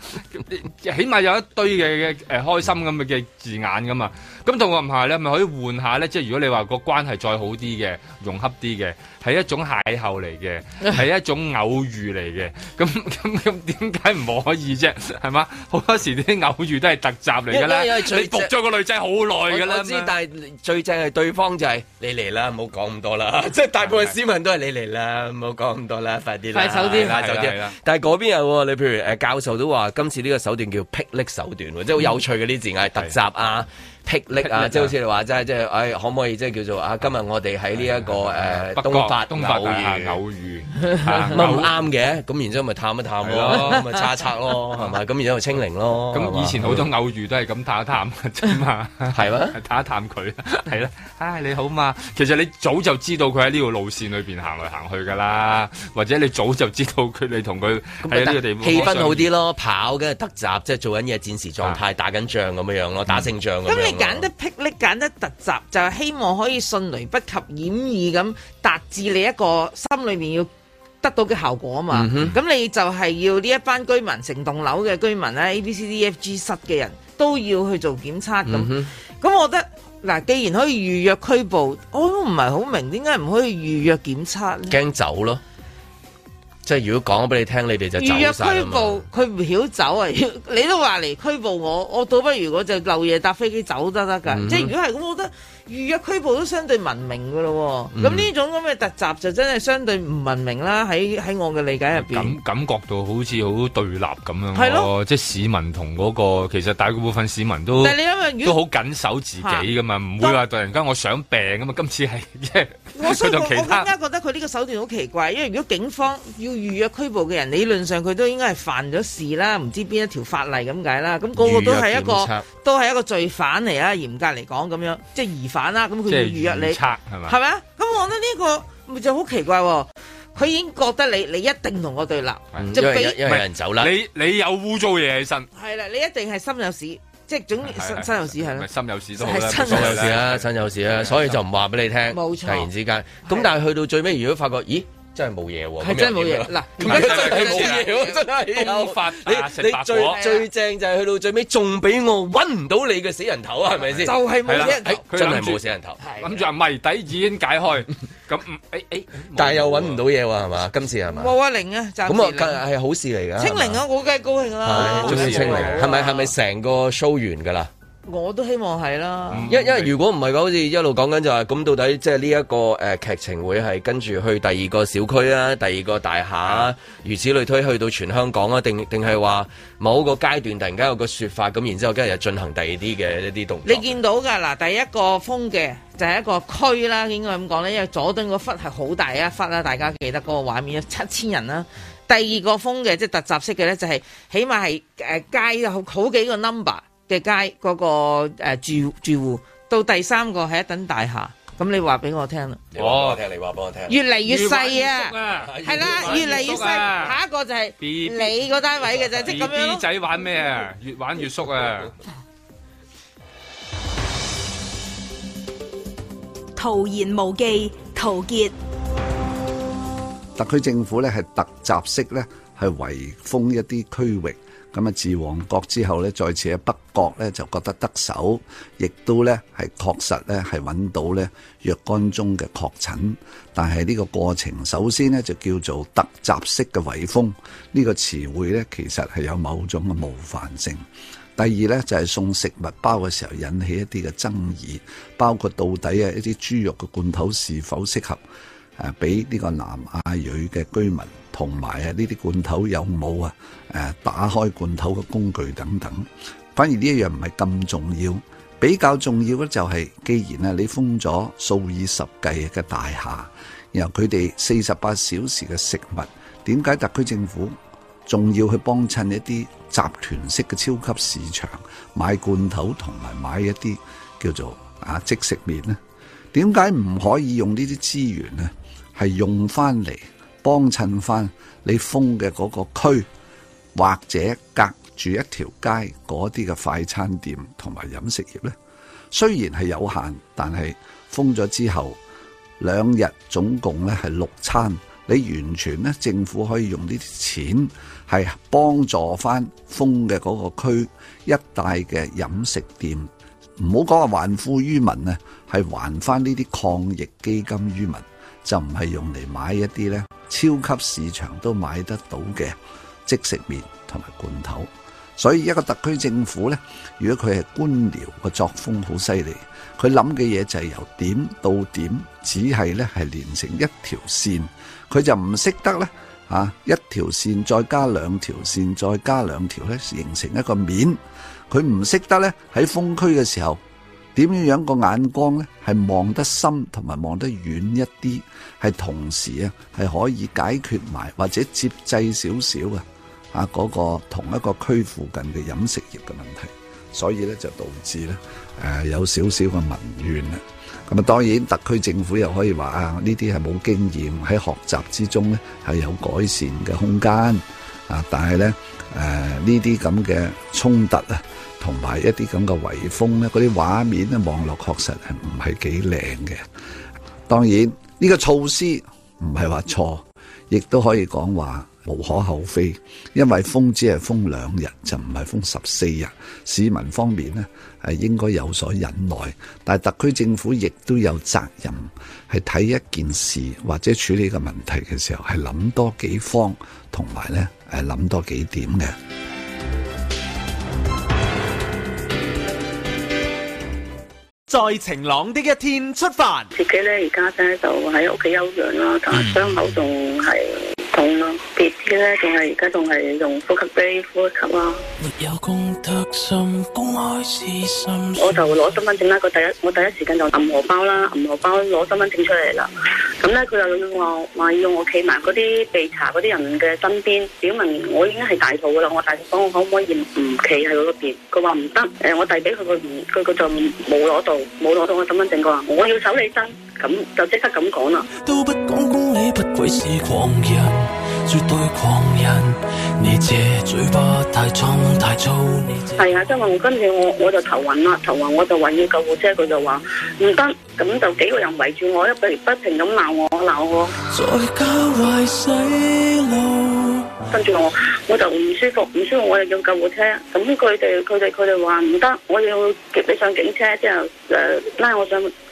(laughs) 起碼有一堆嘅嘅誒開心咁嘅字眼噶嘛。咁同學唔係咧，咪可以換下咧？即係如果你話個關係再好啲嘅、融洽啲嘅，係一種邂逅嚟嘅，係一種偶遇嚟嘅。咁咁咁點解唔可以啫？係嘛？好多時啲偶遇都係突襲嚟㗎啦。因為因為你僕咗個女仔好耐㗎啦。我知道，但係最正係對方就係、是、你嚟啦，唔好講咁多啦。即係 (laughs) 大部分市民都係你嚟啦，唔好講咁多啦，快啲啦，快手啲，快手啲。但係嗰邊有喎？你譬如教授都話，今次呢個手段叫霹靂手段，嗯、即係好有趣嘅呢字眼，突襲啊！霹靂啊！即係好似你話齋，即係誒可唔可以即係叫做啊？今日我哋喺呢一個誒東發大廈偶遇，咁啱嘅咁，然之後咪探一探咯，咪叉一叉咯，係咪？咁然之後清零咯。咁以前好多偶遇都係咁探一探啊，啫嘛，係咯，探一探佢係啦。唉，你好嘛？其實你早就知道佢喺呢個路線裏邊行嚟行去㗎啦，或者你早就知道佢你同佢喺呢個地方氣氛好啲咯，跑嘅，突襲即係做緊嘢戰時狀態，打緊仗咁樣樣咯，打勝仗咁樣。揀得霹靂，揀得突襲，就係希望可以迅雷不及掩耳咁達至你一個心裏面要得到嘅效果啊嘛。咁、mm hmm. 你就係要呢一班居民，成棟樓嘅居民咧，A、B、C、D、F、G 室嘅人都要去做檢測咁。咁、mm hmm. 我覺得嗱，既然可以預約拘捕，我都唔係好明白，點解唔可以預約檢測咧？驚走咯。即係如果講咗俾你聽，你哋就走曬。預約拘捕佢唔曉走啊！ (laughs) 你都話嚟拘捕我，我倒不如我就漏夜搭飛機走都得㗎。嗯、即係如果係咁，我覺得。預約拘捕都相對文明嘅咯、哦，咁呢、嗯、種咁嘅特集就真係相對唔文明啦。喺喺我嘅理解入面，感感覺到好似好對立咁樣，咯哦、即市民同嗰、那個其實大部分市民都，但你因為都好緊守自己㗎嘛，唔、啊、會話突然間我想病㗎嘛。今次係即係我所他其他我我依家覺得佢呢個手段好奇怪，因為如果警方要預約拘捕嘅人，理論上佢都應該係犯咗事啦，唔知邊一條法例咁解啦。咁、那個個都係一個都係一,一個罪犯嚟啦。嚴格嚟講咁樣，即反啦，咁佢要預約你，係咪啊？咁我覺得呢個咪就好奇怪喎！佢已經覺得你，你一定同我對立，就俾唔係人走啦。你你有污糟嘢喺身，係啦，你一定係身有屎，即係總身有屎係咯。身有屎都係啦，身有屎啦，身有屎啦，所以就唔話俾你聽。冇錯，突然之間，咁但係去到最尾，如果發覺，咦？真係冇嘢喎，係真冇嘢。嗱，咁真係冇嘢喎，真係。有法，你你最最正就係去到最尾，仲俾我揾唔到你嘅死人頭啊，係咪先？就係冇死人頭，真係冇死人頭。諗住啊，謎底已經解開，咁誒誒，但係又揾唔到嘢喎，係嘛？今次係冇啊零啊，賺咁啊，係好事嚟㗎。清零啊，我梗係高興啦，好事清零，係咪係咪成個 show 完㗎啦？我都希望係啦，因因為，嗯、如果唔係好似一路講緊就係咁，到底即係呢一個誒，呃、劇情會係跟住去第二個小區啦，啊，第二個大廈，啊、的如此類推去到全香港啊，定定係話某個階段突然間有個說法咁，然之後跟住又進行第二啲嘅呢啲動作。你見到㗎嗱，第一個封嘅就係一個區啦，應該咁講呢，因為佐敦個忽係好大一忽啦，大家記得嗰個畫面有七千人啦，啊。第二個封嘅即係特集式嘅呢，就係起碼係，呃、街好好幾個 number。嘅街嗰個，誒，住住戶，到第三個係一等大廈，咁你話俾我聽啦。我聽你話，俾我聽。我聽越嚟越細啊，係啦、啊，越嚟越細、啊啊。下一個就係你個單位嘅啫，即係咁樣。B 仔玩咩啊？越玩越縮啊！徒然無忌，陶傑。特區政府呢係突襲式呢係圍封一啲區域。咁啊，自旺角之後咧，再次喺北角咧，就覺得得手，亦都咧係確實咧係揾到咧若干宗嘅確診，但係呢個過程首先呢就叫做突襲式嘅圍封，呢個詞彙咧其實係有某種嘅冒犯性。第二咧就係送食物包嘅時候引起一啲嘅爭議，包括到底啊一啲豬肉嘅罐頭是否適合誒俾呢個南亞裔嘅居民，同埋啊呢啲罐頭有冇啊？誒，打開罐頭嘅工具等等，反而呢一樣唔係咁重要。比較重要嘅就係，既然你封咗數以十計嘅大廈，然後佢哋四十八小時嘅食物，點解特區政府仲要去幫襯一啲集團式嘅超級市場買罐頭同埋買一啲叫做啊即食麵咧？點解唔可以用呢啲資源呢？係用翻嚟幫襯翻你封嘅嗰個區？或者隔住一條街嗰啲嘅快餐店同埋飲食業咧，雖然係有限，但係封咗之後兩日總共咧係六餐，你完全咧政府可以用呢啲錢，係幫助翻封嘅嗰個區一帶嘅飲食店，唔好講話還富於民呢，係還翻呢啲抗疫基金於民，就唔係用嚟買一啲咧超級市場都買得到嘅。即食麵同埋罐頭，所以一個特區政府咧，如果佢係官僚個作風好犀利，佢諗嘅嘢就係由點到點，只係咧係連成一條線，佢就唔識得咧啊一條線再加兩條線再加兩條咧形成一個面，佢唔識得咧喺封區嘅時候點樣樣個眼光咧係望得深同埋望得遠一啲，係同時啊係可以解決埋或者接濟少少啊。啊！嗰個同一個區附近嘅飲食業嘅問題，所以咧就導致咧誒、呃、有少少嘅民怨咧。咁啊，當然特區政府又可以話啊，呢啲係冇經驗，喺學習之中咧係有改善嘅空間啊。但係咧誒呢啲咁嘅衝突啊，同埋一啲咁嘅圍封咧，嗰啲畫面咧，望落確實係唔係幾靚嘅。當然呢個措施唔係話錯，亦都可以講話，無可厚非，因為封只係封兩日，就唔係封十四日。市民方面咧，係應該有所忍耐，但係特區政府亦都有責任，係睇一件事或者處理個問題嘅時候，係諗多幾方，同埋咧誒諗多幾點嘅。在晴朗的一天出發，自己咧而家咧就喺屋企休養啦，但係傷口仲係。痛別啲咧，仲係而家仲係用呼吸機呼吸咯。我就攞身份證啦，佢第一我第一時間就揞荷包啦，揞荷包攞身份證出嚟啦。咁咧佢又要話話要我企埋嗰啲被查嗰啲人嘅身邊，表明我已經係大肚噶啦，我大肚講我可唔可以唔企喺佢嗰邊？佢話唔得，誒、呃、我遞俾佢佢唔佢佢就冇攞到冇攞到我身份證，佢話我要搜你身，咁就即刻咁講啦。都不講公理，不愧是狂人。絕對狂人，你隻嘴巴太粗太粗。係啊，即係我跟住我，我就頭暈啦，頭暈我就話要救護車，佢就話唔得，咁就幾個人圍住我一不不停咁鬧我鬧我，再教壞細路，跟住我，我就唔舒服，唔舒服我就要救護車，咁佢哋、佢哋、佢哋話唔得，我要叫你上警車，之後誒拉我上。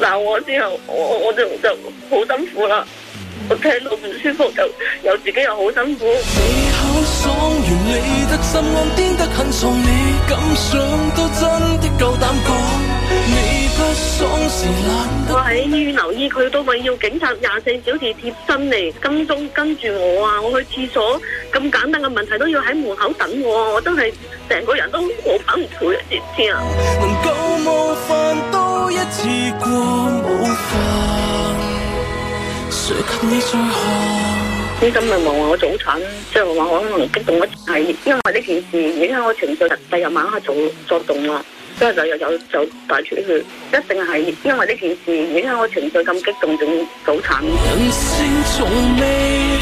鬧我之後，我我就我就好辛苦啦。我聽到唔舒服，就又自己又好辛苦。你我喺醫院留醫佢都話要警察廿四小時貼身嚟，跟蹤跟住我啊！我去廁所咁簡單嘅問題都要喺門口等我，我真係成個人都冇搞唔妥一啲添啊！啲今日忙話我早產，即係話我可能激動一次係，因為呢件事影響我情緒，第日晚黑就作動啦。今日就又有就大出血，一定係因為呢件事影響我情緒咁激動，仲早產。人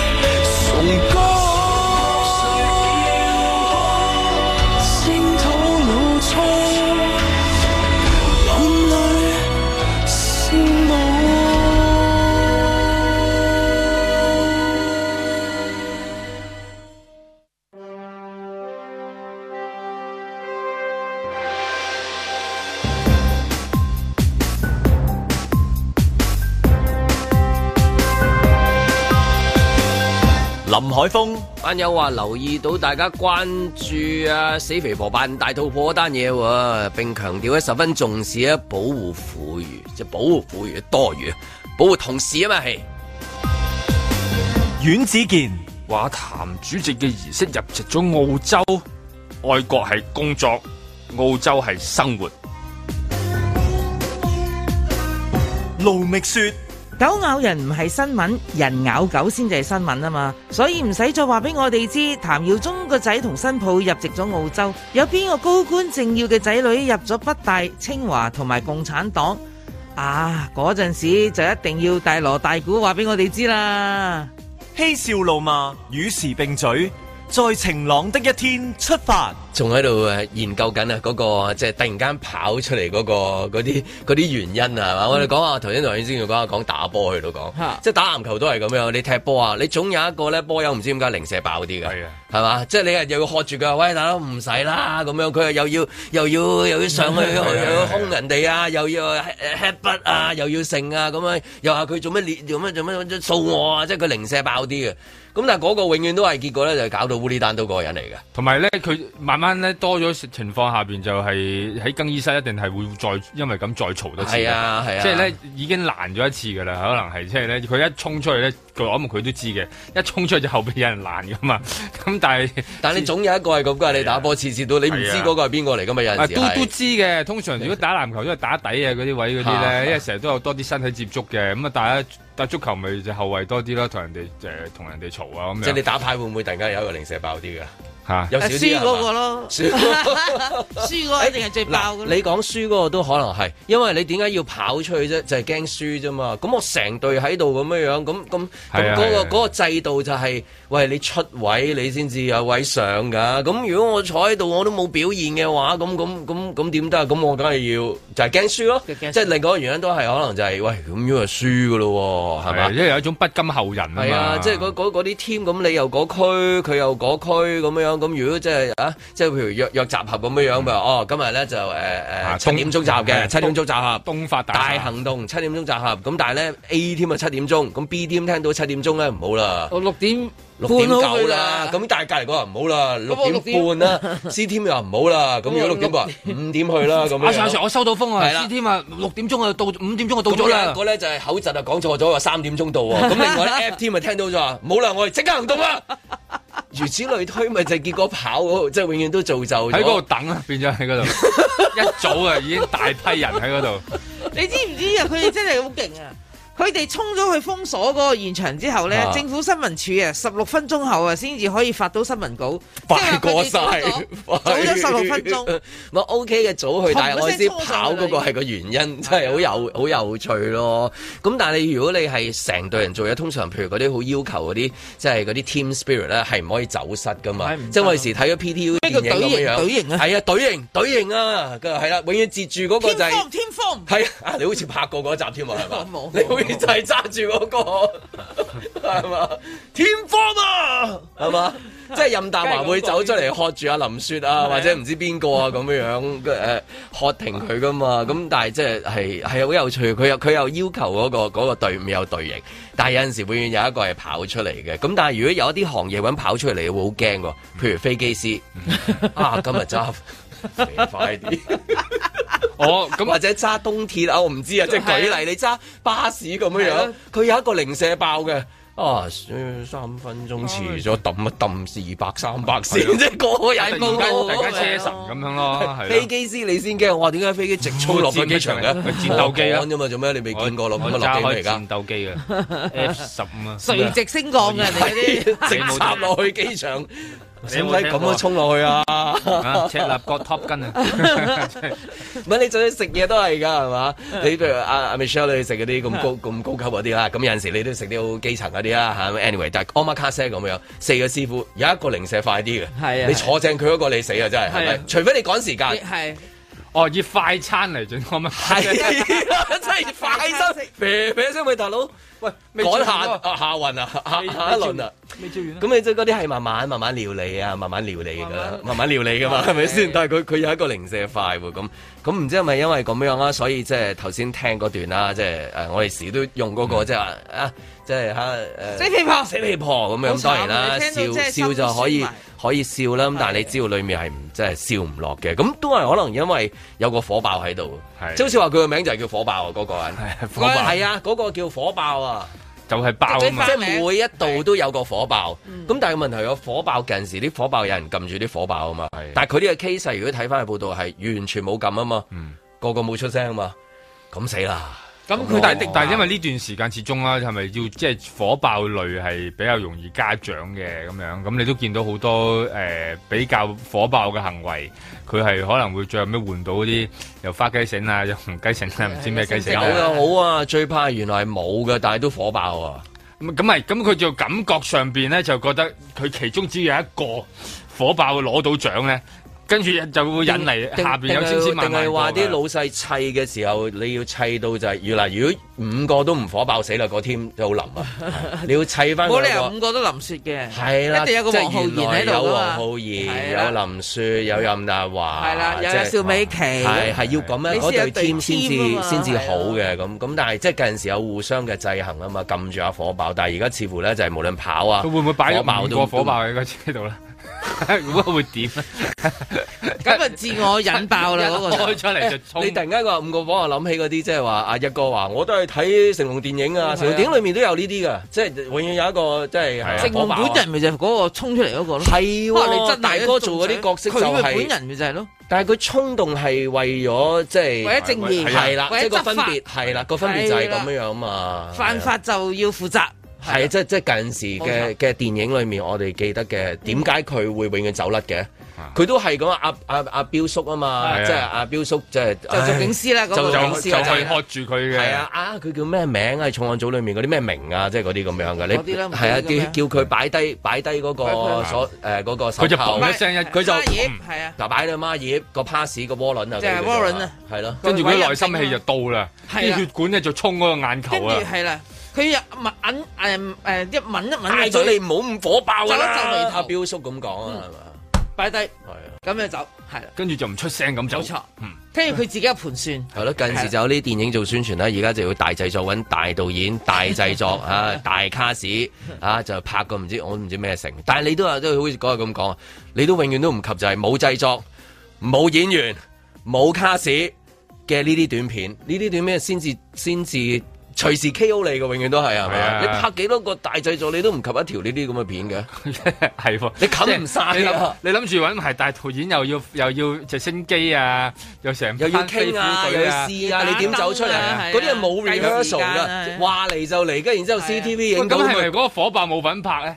林海峰，班友話留意到大家關注啊，死肥婆扮大肚婆嗰單嘢，並強調咧十分重視啊，保護婦孺，即保護婦孺多於保護同事啊嘛係。阮子健話譚主席嘅儀式入籍咗澳洲，愛國係工作，澳洲係生活。盧覓雪。狗咬人唔係新聞，人咬狗先至係新聞啊嘛！所以唔使再話俾我哋知，譚耀宗個仔同新抱入籍咗澳洲，有邊個高官政要嘅仔女入咗北大、清華同埋共產黨啊？嗰陣時就一定要大鑼大鼓話俾我哋知啦！嬉笑怒罵，與時並嘴。在晴朗的一天出發，仲喺度誒研究緊啊，嗰、嗰個即係突然間跑出嚟嗰、嗰個嗰啲嗰啲原因啊，嗯、我哋講下頭先，頭先先要講下講打波去到講，哈 即係打籃球都係咁樣，你踢波啊，你總有一個咧波友唔知點解零射爆啲㗎。係嘛，即係你又要喝住佢，喂，大佬唔使啦咁樣，佢又要又要又要上去 (laughs) 又要兇人哋 (laughs) 啊，又要 head butt 啊，又要剩啊咁樣又話佢做咩做咩做咩掃我啊， (laughs) 即係佢零舍爆啲嘅。咁但係嗰個永遠都係結果咧，就搞到烏里單刀個人嚟嘅。同埋咧，佢慢慢咧多咗情況下邊，就係喺更衣室一定係會再因為咁再嘈多次嘅。係啊，係啊。即係咧已經爛咗一次噶啦，可能係即係咧，佢、就是、一衝出去咧，咁佢都知嘅。一衝出去就後邊有人爛噶嘛，咁、嗯。但係，但係你總有一個係咁㗎，你打波次次到，你唔知嗰個係邊個嚟㗎嘛？有時是都都知嘅，通常如果打籃球，因為打底啊嗰啲位嗰啲咧，因為成日都有多啲身體接觸嘅，咁啊大家打足球咪就後衞多啲咯，同人哋誒同人哋嘈啊咁樣。即係你打牌會唔會突然間有一個零舍爆啲㗎？吓，輸嗰個咯，輸個一定係最爆嘅、哎。你講輸嗰個都可能係，因為你點解要跑出去啫？就係驚輸啫嘛。咁我成隊喺度咁樣樣，咁咁嗰個、啊嗰個嗰個制度就係、是，喂你出位你先至有位上噶。咁如果我坐喺度我都冇表現嘅話，咁咁咁咁點得啊？咁我梗係要就係驚輸咯，即係另外個原因都係可能就係、是，喂咁樣就輸噶咯，係咪？因為、啊就是、有一種不甘後人啊係啊，即、就、係、是、嗰啲 team，咁你又嗰區，佢又嗰區，咁樣。咁如果即係啊，即係譬如約約集合咁樣，樣噉啊，哦，今日咧就誒誒、呃、東七點鐘集，東集合，嘅東，東七點鐘集合，東發大，大行動，七點鐘集合，咁但係咧 A 添啊七點鐘咁 B 添聽到七點鐘咧唔好啦，我六點。六點九啦，咁但係隔離個話唔好啦，六點半啦，C team 又唔好啦，咁如果六點半五點去啦咁。阿 Sir，我收到風啊，C team 啊，六點鐘啊到，五點鐘就到咗啦。個咧就係口窒啊，講錯咗話三點鐘到喎，咁另外 F team 咪聽到就話，冇啦，我哋即刻行動啦。如此類推，咪就結果跑嗰度，即係永遠都做就喺嗰度等啊，變咗喺嗰度。一早啊已經大批人喺嗰度，你知唔知啊？佢哋真係好勁啊！佢哋衝咗去封鎖嗰個現場之後咧，啊、政府新聞處啊，十六分鐘後啊，先至可以發到新聞稿，快過晒，快早咗十六分鐘。我 OK 嘅早去，但係我知跑嗰個係個原因，真係好有好有趣咯。咁但係你如果你係成隊人做嘢，通常譬如嗰啲好要求嗰啲，即、就、係、是、嗰啲 team spirit 咧，係唔可以走失噶嘛。是是啊、即係我時睇咗 PTU 電影咁樣樣，係啊，隊形隊形啊，係啦，永遠接住嗰個就係天天係你好似拍過嗰一集添嘛？ (laughs) 就係揸住嗰個，係嘛，天方 (laughs) 吧啊係嘛，是吧 (laughs) 即係任達華會走出嚟，喝住阿林雪啊， (laughs) 或者唔知邊個啊咁 (laughs) 樣樣誒，喝停佢噶嘛，咁 (laughs) 但係即係係係好有趣，佢又佢又要求嗰個嗰個隊伍有隊形，但係有陣時會有一個係跑出嚟嘅，咁但係如果有一啲行業搵跑出嚟，你會好驚，譬如飛機師 (laughs) 啊，今日揸。快啲！哦，咁或者揸東鐵啊，我唔知啊，即係舉例，你揸巴士咁樣樣，佢有一個零舍爆嘅啊，三分鐘遲咗，抌一抌二百三百先啫，過癮唔？大家車神咁樣咯，飛機師你先驚，我話點解飛機直衝落去機場嘅？戰鬥機啊嘛做咩？你未見過落咁嘅落機戰鬥機嘅 F15 啊，垂直升降嘅你啲，直插落去機場。使唔使咁樣衝落去啊？赤角 t o p 筋啊，唔係你就算食嘢都係㗎，係嘛？你譬如阿阿、啊、Michelle 你食嗰啲咁高咁的高級嗰啲啦，咁有陣時候你都食啲好基層嗰啲啦 anyway，但 Omakase 咁樣，四個師傅有一個零舍快啲嘅，的你坐正佢嗰個你死啊！真係，係咪？除非你趕時間，哦，以快餐嚟整我啊，係真係快餐，啤一聲喂大佬，喂，趕下下運啊，下下運啊，咁你即係嗰啲係慢慢慢慢料理啊，慢慢料理噶，慢慢料理噶嘛，係咪先？但係佢佢有一個零舍快喎，咁咁唔知係咪因為咁樣啦？所以即係頭先聽嗰段啦，即係誒，我哋時都用嗰個即係啊，即係吓誒，死肥婆死肥婆咁樣，當然啦，笑笑就可以。可以笑啦，咁但你知道裏面係唔真係笑唔落嘅，咁都係可能因為有個火爆喺度，的即好似話佢個名就係叫火爆啊。嗰、那個人，火爆係啊嗰、那個叫火爆啊，就係爆啊，即係每一度都有個火爆，咁的但係個問題有火爆近時啲火爆有人撳住啲火爆啊嘛，的但佢呢個 case 如果睇翻去報道係完全冇撳啊嘛，嗯、個個冇出聲啊嘛，咁死啦！咁佢但係、哦哦、但係因為呢段時間始終啦、啊，係咪要即係、就是、火爆類係比較容易加獎嘅咁樣？咁你都見到好多誒、呃、比較火爆嘅行為，佢係可能會最後咩換到啲又花雞繩啊，又紅雞繩啊，唔、嗯、知咩雞繩啊。有嘅好啊，最怕原來係冇㗎，但係都火爆喎、啊。咁咪咁咁佢就感覺上面咧就覺得佢其中只有一個火爆攞到獎咧。跟住就會引嚟下面有少少問題。定係話啲老細砌嘅時候，你要砌到就係，如嗱，如果五個都唔火爆死啦，個 team 就好冧啊！你要砌翻個。冇理由五個都林雪嘅。係啦。一定有個黃浩然喺度，有黃浩然、有林雪、有任達華。係啦，有邵美琪。係係要咁樣嗰 team 先至先至好嘅咁咁，但係即係近時有互相嘅制衡啊嘛，撳住下火爆。但係而家似乎咧就係無論跑啊，佢會唔會擺個火爆喺個車度呢？如果會點咧？咁啊自我引爆啦！嗰個開出嚟就衝。你突然間個五個房，我諗起嗰啲即係話阿一哥話，我都係睇成龍電影啊。成龍電影裏面都有呢啲噶，即係永遠有一個即係。係成龍本人咪就係嗰個衝出嚟嗰個咯。係，你真大哥做嗰啲角色就係。佢本人咪就係咯。但係佢衝動係為咗即係，為咗正面係啦，即係個分別係啦，個分別就係咁樣樣嘛。犯法就要負責。係啊，即係即係近時嘅嘅電影裏面，我哋記得嘅點解佢會永遠走甩嘅？佢都係咁啊！阿阿阿彪叔啊嘛，即係阿彪叔，即係就警司啦，就警就係，就係喝住佢嘅。係啊啊！佢叫咩名啊？係重案組裏面嗰啲咩名啊，即係嗰啲咁樣嘅。你係啊，叫叫佢擺低擺低嗰個所嗰個手佢就嘣一聲，一，佢就嗱擺到媽葉個 pass 個 Walnut 啊，即係，Walnut 係咯。跟住佢啲內心戲就到啦，啲血管咧就衝嗰個眼球啊，啦。佢一問，誒誒一問一問，所以你唔好咁火爆啦、啊，就一皺眉頭，標叔咁講啊，係嘛、嗯，擺低，係啊，咁的就走，係啦，跟住就唔出聲咁走錯，錯嗯、聽住佢自己嘅盤算，係咯，近時就有啲電影做宣傳啦，而家就要大製作，揾的大導演、大製作 (laughs) 啊、大卡士 a 啊，就拍個唔知我唔知咩成，但係你都都好似嗰日咁講，你都永遠都唔及就係冇製作、冇演員、冇卡士嘅呢啲短片，呢啲短片先至先至。隨時 KO 你嘅，永遠都係係咪啊？你拍幾多個大製作，你都唔及一條呢啲咁嘅片嘅，係你冚唔晒啊！你諗住揾埋大導演又要又要直升機啊，又成班又要、啊、飛虎隊啊，試想想你點走出嚟？嗰啲係冇 rehearsal 嘅，話嚟、啊、就嚟，跟住之後 CTV 影到咪？嗰、啊啊、個火爆冇份拍咧。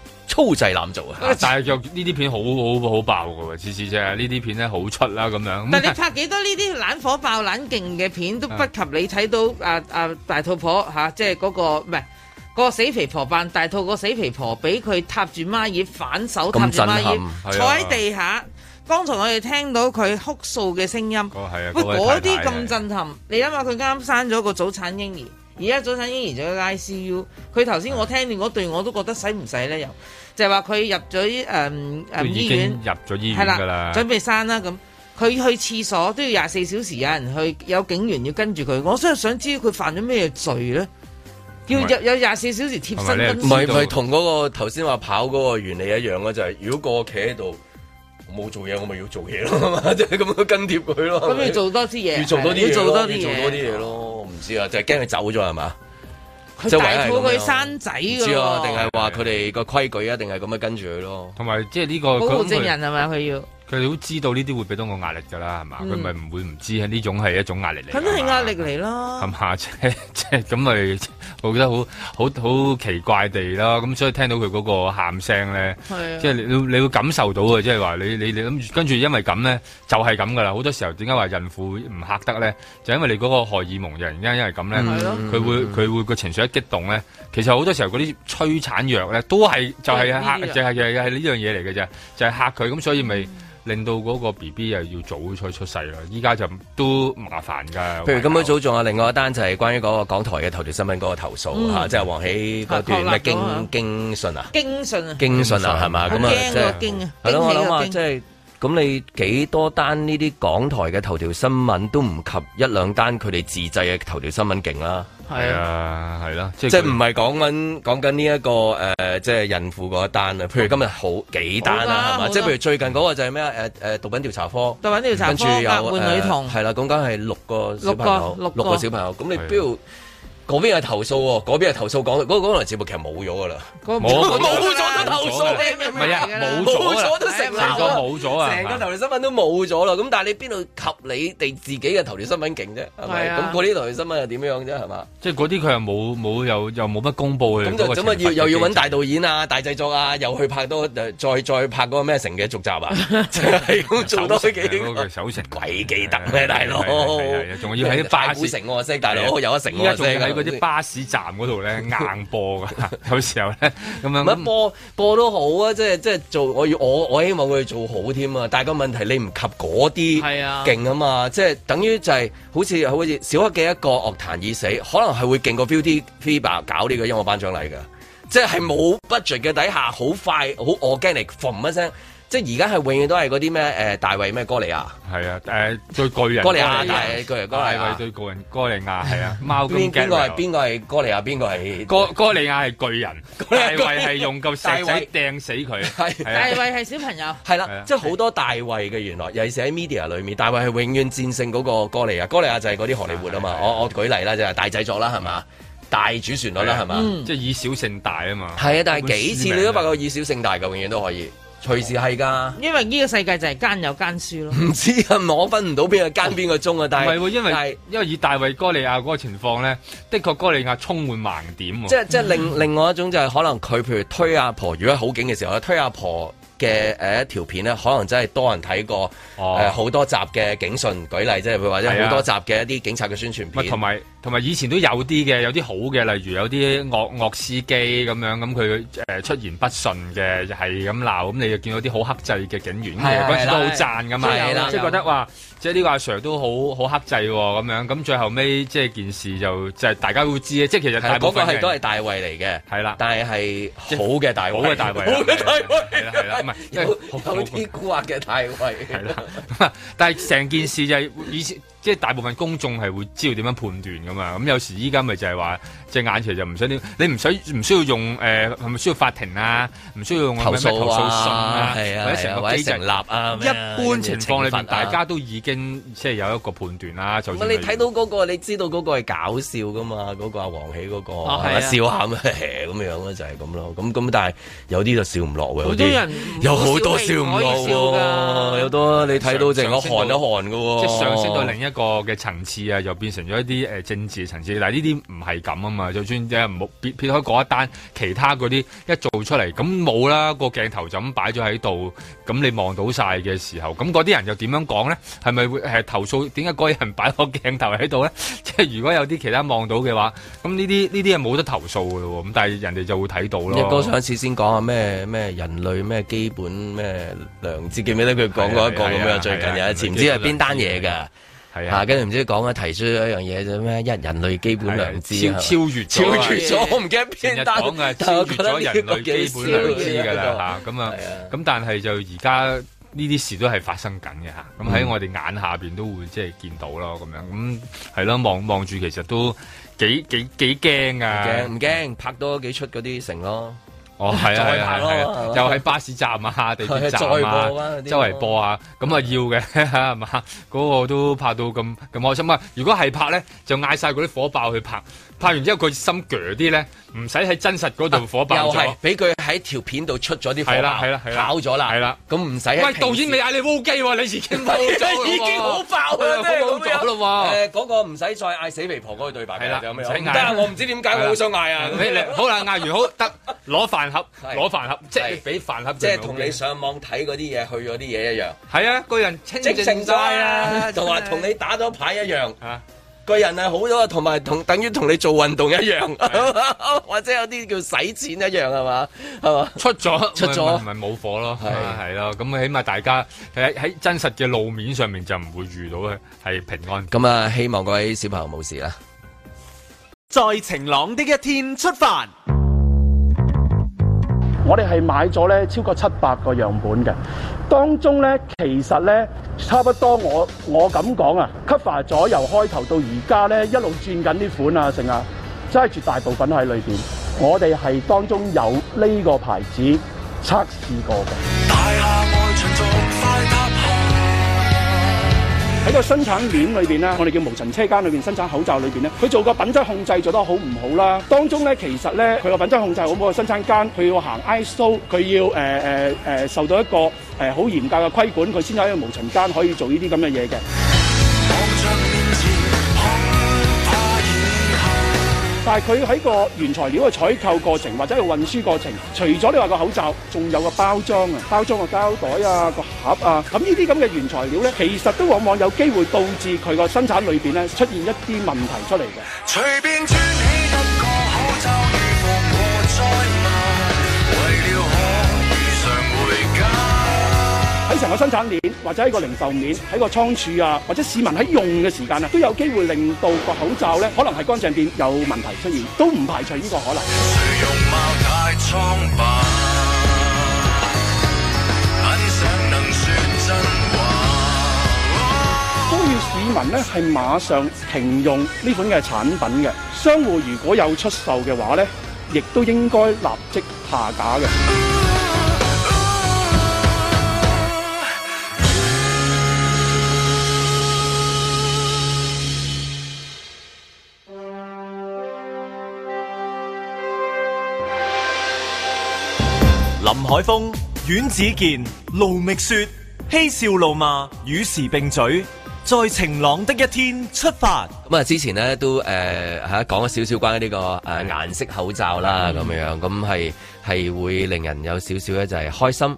粗製濫造，着茄茄姐姐啊！大腳呢啲片好好好爆嘅，次次啫。呢啲片咧好出啦咁樣。但係你拍幾多呢啲懶火爆、懶勁嘅片，都不及你睇到啊啊，啊大肚婆吓、啊，即係嗰、那個唔係嗰個死肥婆扮大肚個死肥婆被她，俾佢踏住孖葉反手踏住孖葉，坐喺地下。剛才、啊、我哋聽到佢哭訴嘅聲音，嗰啲咁震撼。你諗下佢啱啱生咗個早產嬰兒，而家早產嬰兒仲有 I C U。佢頭先我聽你嗰段，我都覺得使唔使咧又？就係話佢入咗誒醫院，入咗醫院係啦，準備閂啦咁。佢去廁所都要廿四小時有人去，有警員要跟住佢。我真係想知佢犯咗咩罪咧？要有廿四小時貼身跟，唔係唔係同嗰個頭先話跑嗰個原理一樣咧？就係如果個企喺度冇做嘢，我咪要做嘢咯，即係咁樣跟貼佢咯。咁要做多啲嘢，要做多啲嘢，要做多啲嘢咯。唔知啊，就係驚佢走咗係嘛？就維護佢生仔噶知啊？定係話佢哋個規矩一定係咁樣跟住佢咯？同埋即係呢個保護證人係咪佢要。佢哋都知道呢啲會俾到我壓力㗎啦，係嘛？佢咪唔會唔知呢種係一種壓力嚟，梗係壓力嚟咯。係嘛吧？即係即係咁咪，我 (laughs) 覺得好好好奇怪地啦。咁所以聽到佢嗰個喊聲咧，即係、啊、你你會感受到嘅，即係話你你跟住，因為咁咧就係咁噶啦。好多時候點解話孕婦唔嚇得咧？就因為你嗰個荷爾蒙，人，因因為咁咧，佢、嗯、會佢、嗯、會個情緒一激動咧。其實好多時候嗰啲催產藥咧，都係就係、是、嚇，啊、就係就係呢樣嘢嚟嘅啫，就係、是、嚇佢。咁所以咪、嗯。令到嗰個 B B 又要早咗出世啦！依家就都麻煩㗎。譬如今早仲有另外一單就係關於嗰個港台嘅頭條新聞嗰個投訴啊，即係王喜嗰段咩驚驚訊啊？驚訊啊！驚訊啊！係咪？咁啊，即係係咯，我諗啊，即係。咁你幾多單呢啲港台嘅頭條新聞都唔及一兩單佢哋自製嘅頭條新聞勁啦，係啊，係啦、啊這個，呃，即係唔係講緊講緊呢一個誒，即係孕婦嗰一單啊？譬如今日好幾單啊，係嘛？即係譬如最近嗰個就係咩啊？誒、呃、誒、呃，毒品調查科，毒品調查科，白換、呃、女童，係啦、啊，講緊係六個，小朋友。六個小朋友，咁你不如。嗰邊又投訴喎，嗰邊又投訴講嗰個嗰個節目其實冇咗㗎啦，冇冇咗都投訴，唔係啊，冇咗都成個冇咗啊，成個頭條新聞都冇咗啦。咁但係你邊度及你哋自己嘅頭條新聞勁啫，係咪？咁嗰啲頭條新聞又點樣啫，係嘛？即係嗰啲佢又冇冇又又冇乜公佈嘅。咁就咁要又要搵大導演啊、大製作啊，又去拍多再再拍嗰個咩成嘅續集啊，即係要做多幾個首城鬼記得咩大佬？係啊，仲要喺快古城聲大佬，有成啲巴士站嗰度咧硬播噶， (laughs) 有時候咧咁樣，乜播播都好啊！即係即係做我要我我希望佢做好添啊！但係個問題你唔及嗰啲勁啊嘛！即係等於就係、是、好似好似小黑嘅一個樂壇已死，可能係會勁過 ViuTV TVB 搞呢個音樂頒獎禮噶，即係冇 budget 嘅底下，好快好 organic，嘣一聲。即係而家係永遠都係嗰啲咩，誒大衛咩哥利亞係啊，誒最巨人哥利亞，大巨人哥利亞，最巨人哥利亞係啊，貓咁驚，邊邊個係邊個係哥利亞，邊個係哥利亞係巨人。大衛係用嚿石仔掟死佢，係大衛係小朋友係啦，即係好多大衛嘅，原來尤其是喺 media 裏面大衛係永遠戰勝嗰個哥利亞。哥利亞就係嗰啲荷里活啊嘛，我我舉例啦，就係大製作啦係嘛，大主旋律啦係嘛，即係以小勝大啊嘛，係啊。但係幾次你都發覺以小勝大嘅，永遠都可以。隨時係噶，因為呢個世界就係奸有奸輸咯。唔知啊，我分唔到邊個奸邊個忠啊！但係，因為以大衛哥利亞嗰個情況咧，的確哥利亞充滿盲點喎，啊。即即另外另外一種就係、是、可能佢譬如推阿婆，如果好景嘅時候，推阿婆嘅一條片咧，可能真係多人睇過好、哦呃、多集嘅警訊舉例，即係佢或話，即係好多集嘅一啲警察嘅宣傳片。同埋以前都有啲嘅，有啲好嘅，例如有啲惡惡司機咁樣，咁佢出言不順嘅，就係咁鬧，咁你就見到啲好克制嘅警員嘅，嗰時都好讚噶嘛，即係覺得話，即係呢個阿 Sir 都好好克制喎，咁樣咁最後尾即係件事就就大家都知即係其實嗰個係都係大衛嚟嘅，係啦，但係係好嘅大衛，好嘅大衛，好嘅大衛，係啦，唔係有啲蠱惑嘅大衛，係啦，但係成件事就以前。即係大部分公眾係會知道點樣判斷㗎嘛，咁有時依家咪就係話。隻眼其實就唔使啲，你唔使唔需要用誒，係、呃、咪需要法庭啊？唔需要用投訴啊，係啊，或者成個基證立啊。啊一般情況裏、啊、大家都已經即係有一個判斷啦、啊。唔你睇到嗰、那個，你知道嗰個係搞笑噶嘛？嗰、那個阿王喜嗰、那個、哦是啊、笑下咁 (laughs) 樣咯，就係咁咯。咁咁但係有啲就笑唔落喎。有好多笑唔落㗎，有好多你睇到成我寒一寒㗎喎。即上升到另一個嘅層次啊，又變成咗一啲誒政治嘅層次。但係呢啲唔係咁啊嘛。就算即係冇撇撇開嗰一單，其他嗰啲一做出嚟咁冇啦，鏡那那怎是是個，個鏡頭就咁擺咗喺度，咁你望到晒嘅時候，咁嗰啲人又點樣講咧？係咪會係投訴？點解嗰人擺個鏡頭喺度咧？即係如果有啲其他望到嘅話，咁呢啲呢啲係冇得投訴嘅喎。咁但係人哋就會睇到咯。一哥上一次先講下咩咩人類咩基本咩良知，記唔記得佢講過一個咁、啊啊啊、樣、啊啊、最近有一次唔知係邊單嘢嘅。係啊，跟住唔知講嘅提出一樣嘢就咩？一人類基本良知超越超越咗，我唔驚偏邊單，但係我覺得人類基本良知噶啦吓，咁啊，咁但係就而家呢啲事都係發生緊嘅吓，咁喺我哋眼下邊都會即係見到咯，咁樣咁係咯，望望住其實都幾幾幾驚啊，唔驚，拍多幾出嗰啲成咯。哦，係啊，係啊，係啊，又喺巴士站啊、地鐵站啊、啊啊周圍播啊，咁啊要嘅嚇，係嘛？嗰個都拍到咁咁開心啊！如果係拍咧，就嗌晒嗰啲火爆去拍。拍完之後佢心鋸啲咧，唔使喺真實嗰度火爆咗，俾佢喺條片度出咗啲火爆，跑咗啦。係啦，咁唔使。喂，導演你嗌你烏雞喎，你已經冇咗，已經好爆啦冇咗咯喎。誒，嗰個唔使再嗌死肥婆嗰個對白。係啦，有咩？請嗌。得，我唔知點解我好想嗌啊！好啦，嗌完好得攞飯盒，攞飯盒即係俾飯盒，即係同你上網睇嗰啲嘢，去嗰啲嘢一樣。係啊，個人清靜咗啦，就話同你打咗牌一樣嚇。個人係好咗，同埋同等於同你做運動一樣，是的 (laughs) 或者有啲叫使錢一樣係嘛，係嘛。出咗了 (laughs) 出咗了，唔係冇火咯，係咯。咁起碼大家喺喺真實嘅路面上面就唔會遇到係平安。咁啊，希望各位小朋友冇事啦。在晴朗的一天出發，我哋係買咗咧超過七百個樣本嘅。當中呢，其實呢，差不多我我咁講啊，cover 咗由開頭到而家呢，一路轉緊啲款啊，剩啊，真係絕大部分喺裏面。我哋係當中有呢個牌子測試過嘅。喺個生產鏈裏邊咧，我哋叫無塵車間裏邊生產口罩裏邊咧，佢做個品質控制，做得好唔好啦？當中咧，其實咧，佢個品質控制好唔好？生產間佢要行 ISO，佢要誒誒誒受到一個誒好、呃、嚴格嘅規管，佢先喺個無塵間可以做呢啲咁嘅嘢嘅。但係佢喺個原材料嘅採購過程或者係運輸過程，除咗你話個口罩，仲有個包裝啊，包裝個膠袋啊，個盒啊，咁呢啲咁嘅原材料咧，其實都往往有機會導致佢個生產裏邊咧出現一啲問題出嚟嘅。成個生產鏈，或者喺個零售面，喺個倉儲啊，或者市民喺用嘅時間啊，都有機會令到個口罩咧，可能係乾淨面有問題出現，都唔排除呢個可能。都要 (music) 市民咧係馬上停用呢款嘅產品嘅，商戶如果有出售嘅話咧，亦都應該立即下架嘅。林海峰、阮子健、盧覓雪、嬉笑怒罵、與時並嘴，在晴朗的一天出發。咁啊，之前呢都誒吓講咗少少關於呢個誒顏色口罩啦，咁樣咁係係會令人有少少咧就係開心。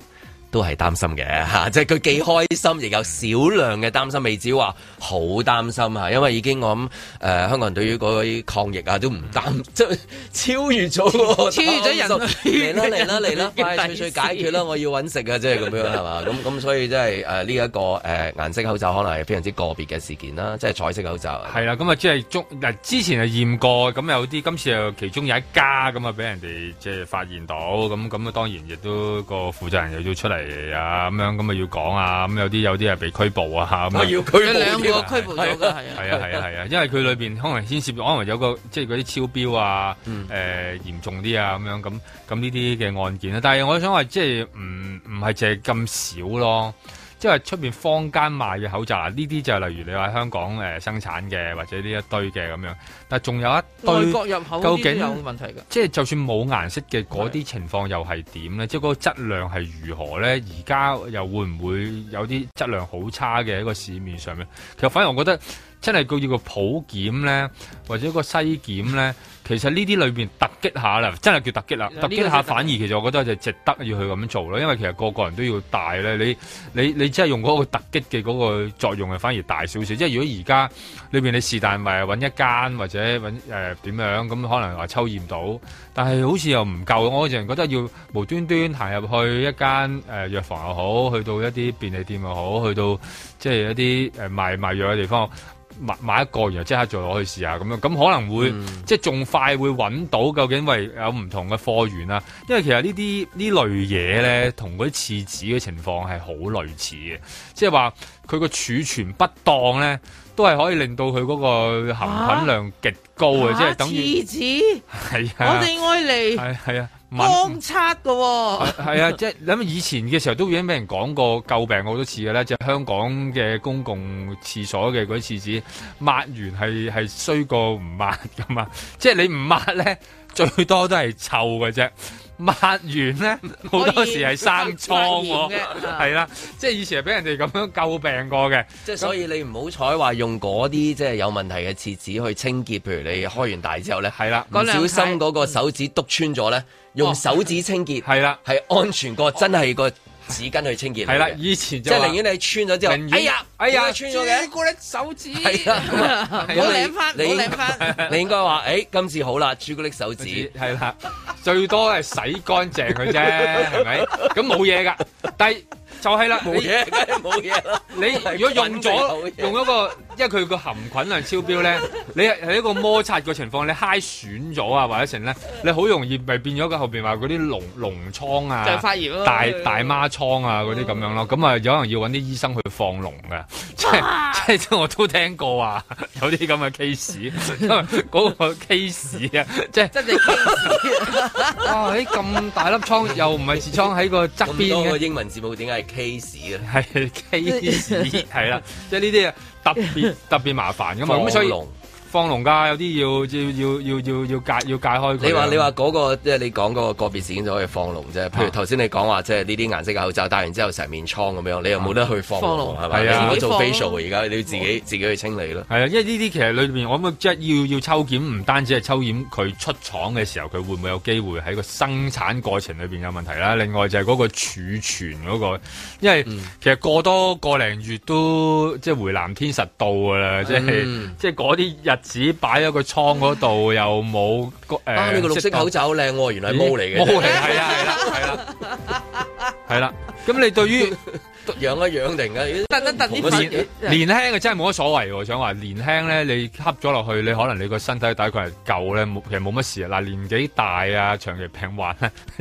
都係擔心嘅嚇，即係佢幾開心，亦有少量嘅擔心，未至於話好擔心啊，因為已經我諗、呃、香港人對於嗰啲抗疫啊都唔擔，即、嗯、超越咗喎，超越咗人嚟啦嚟啦嚟啦，快脆脆解決啦！我要搵食啊，即係咁樣係嘛？咁咁 (laughs) 所以真係誒呢一個誒、呃、顏色口罩可能係非常之個別嘅事件啦、啊，即、就、係、是、彩色口罩係啦。咁啊即係嗱之前係驗過，咁有啲今次又其中有一家咁啊俾人哋即係發現到，咁咁啊當然亦都、個負責人又要出嚟。啊咁樣咁啊要講啊，咁有啲有啲係被拘捕啊，咁，要拘捕，兩個拘捕咗嘅係啊係啊係啊，因為佢裏邊可能牽涉，可能有個即係嗰啲超標啊，誒、嗯、呃、嚴重啲啊咁樣咁咁呢啲嘅案件啊。但係我想話即係唔唔係淨係咁少咯。即係出面坊間賣嘅口罩，呢啲就係例如你話香港誒生產嘅，或者呢一堆嘅咁樣。但係仲有一堆，外國入口究竟有冇問題㗎？即係就算冇顏色嘅嗰啲情況，又係點呢？是的即係嗰個質量係如何呢？而家又會唔會有啲質量好差嘅一個市面上咧？其實反而我覺得。真係叫要個普檢咧，或者個篩檢咧，其實呢啲裏面突擊下啦，真係叫突擊啦！突擊下反而其實我覺得就值得要去咁做啦，因為其實個個人都要大咧，你你你真係用嗰個突擊嘅嗰個作用係反而大少少。即係如果而家裏面你是但埋揾一間或者揾誒點樣咁，可能話抽驗到，但係好似又唔夠。我個人覺得要無端端行入去一間誒、呃、藥房又好，去到一啲便利店又好，去到即係一啲誒賣賣藥嘅地方。買一個然後即刻再攞去試下咁咁可能會、嗯、即係仲快會揾到究竟為有唔同嘅貨源啦。因為其實呢啲呢類嘢咧，同嗰啲廁紙嘅情況係好類似嘅，即係話佢個儲存不當咧，都係可以令到佢嗰個含菌量極高嘅，啊、即係等於。廁紙子啊，我哋愛嚟啊。萬光擦嘅喎，係啊，即你諗以前嘅時候都已經俾人講過詬病好多次嘅咧，就香港嘅公共廁所嘅嗰啲廁紙抹完係係衰過唔抹噶嘛，即係你唔抹咧，最多都係臭嘅啫，抹完咧好多時係生瘡，係啦、 (laughs) 啊，即係以前係俾人哋咁樣詬病過嘅，即係所以你唔好彩話用嗰啲即係有問題嘅廁紙去清潔，譬如你開完大之後咧，係啦、啊，唔小心嗰個手指篤穿咗咧。用手指清潔係啦，哦、係係安全過真係個紙巾去清潔係啦、哦，以前即係寧願你穿咗之後，哎呀願哎呀，哎呀穿咗嘅朱古力手指，係啊，冇舐翻冇舐翻，你應該話，誒、 (laughs) 欸、今次好啦，朱古力手指係啦、啊啊，最多係洗乾淨佢啫，係咪？咁冇嘢㗎，但係。就係啦，冇嘢，梗係冇嘢啦。你如果用咗用一個，因為佢個含菌量超標咧，你係一個摩擦嘅情況，你揩損咗啊，或者成咧，你好容易咪變咗個後邊話嗰啲膿膿瘡啊，就發炎啊，大大孖瘡啊嗰啲咁樣咯。咁啊，有可能要揾啲醫生去放膿嘅，即係即係我都聽過啊，有啲咁嘅 case，嗰個 case 啊，即係即係哇，喺咁大粒瘡，又唔係痔瘡喺個側邊嘅。咁多個英文字母點解？case 啊，係 case，係啦，即係呢啲啊，特別特別麻煩㗎嘛，咁龍所以。放龍㗎，有啲要要要要要要解要解開佢。你話、那個、你話嗰個即係你講嗰個個別事件就可以放龍啫。譬如頭先你講話即係呢啲顏色嘅口罩戴完之後成面瘡咁樣，你又冇得去放龍係咪？如果做 facial 而家你要自己自己去清理咯。係啊，因為呢啲其實裏面我諗即係要要抽檢，唔單止係抽檢佢出廠嘅時候佢會唔會有機會喺個生產過程裏邊有問題啦。另外就係嗰個儲存嗰、那個，因為、嗯、其實過多個零月都即係回南天實到㗎啦，即係、嗯、即係啲日。只擺喺個倉嗰度， (laughs) 又冇個誒。啱、呃啊、你個綠色口罩好靚喎，原來係毛嚟嘅。毛嚟係啦係啦係啦係啦。咁你對於養 (laughs) 一養定啊？得得得！年輕啊真係冇乜所謂喎，我想話年輕咧，你吸咗落去，你可能你個身體抵抗力夠咧，冇其實冇乜事啊。嗱年紀大啊，長期病患，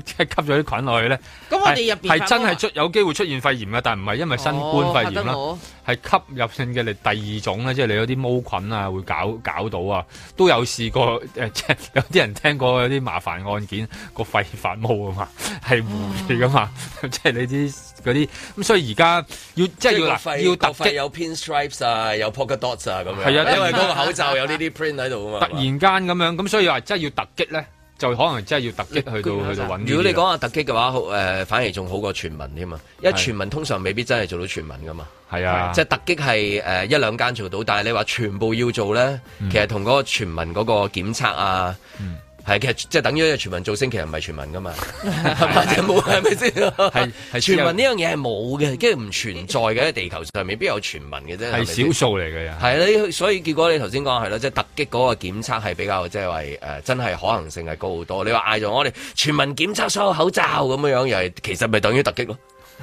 即 (laughs) 係吸咗啲菌落去咧。咁我哋入邊係真係出有機會出現肺炎啊，但唔係因為新冠肺炎囉。哦。係吸入性嘅嚟，第二種咧，即係你嗰啲毛菌啊，會搞搞到啊，都有試過誒，即、呃、係有啲人聽過有啲麻煩案件個肺發毛啊是嘛，係糊嘅嘛，即係你啲嗰啲咁，所以而家要即係要要突擊，即係有 pin stripes 啊，有 polka dots 啊咁樣，係啊，因為嗰個口罩有呢啲 print 喺度啊嘛，突然間咁樣咁，所以話即係要突擊咧。就可能真係要突擊去到去到揾。如果你講下突擊嘅話、呃，反而仲好過全民添嘛，因為全民通常未必真係做到全民噶嘛。係啊，即係突擊係、呃、一兩間做到，但係你話全部要做咧，其實同嗰個全民嗰個檢測啊。嗯係，其實即係等於全民造星其實唔係全民噶嘛，冇係咪先？係係的的全民呢樣嘢係冇嘅，跟住唔存在嘅，喺地球上面邊 (laughs) 有全民嘅啫，係少數嚟嘅。係的所以結果你頭先講係啦，即係突擊嗰個檢測係比較即係誒，真係可能性係高好多。你話嗌咗我哋全民檢測所有口罩咁樣樣，又係其實咪等於突擊咯？係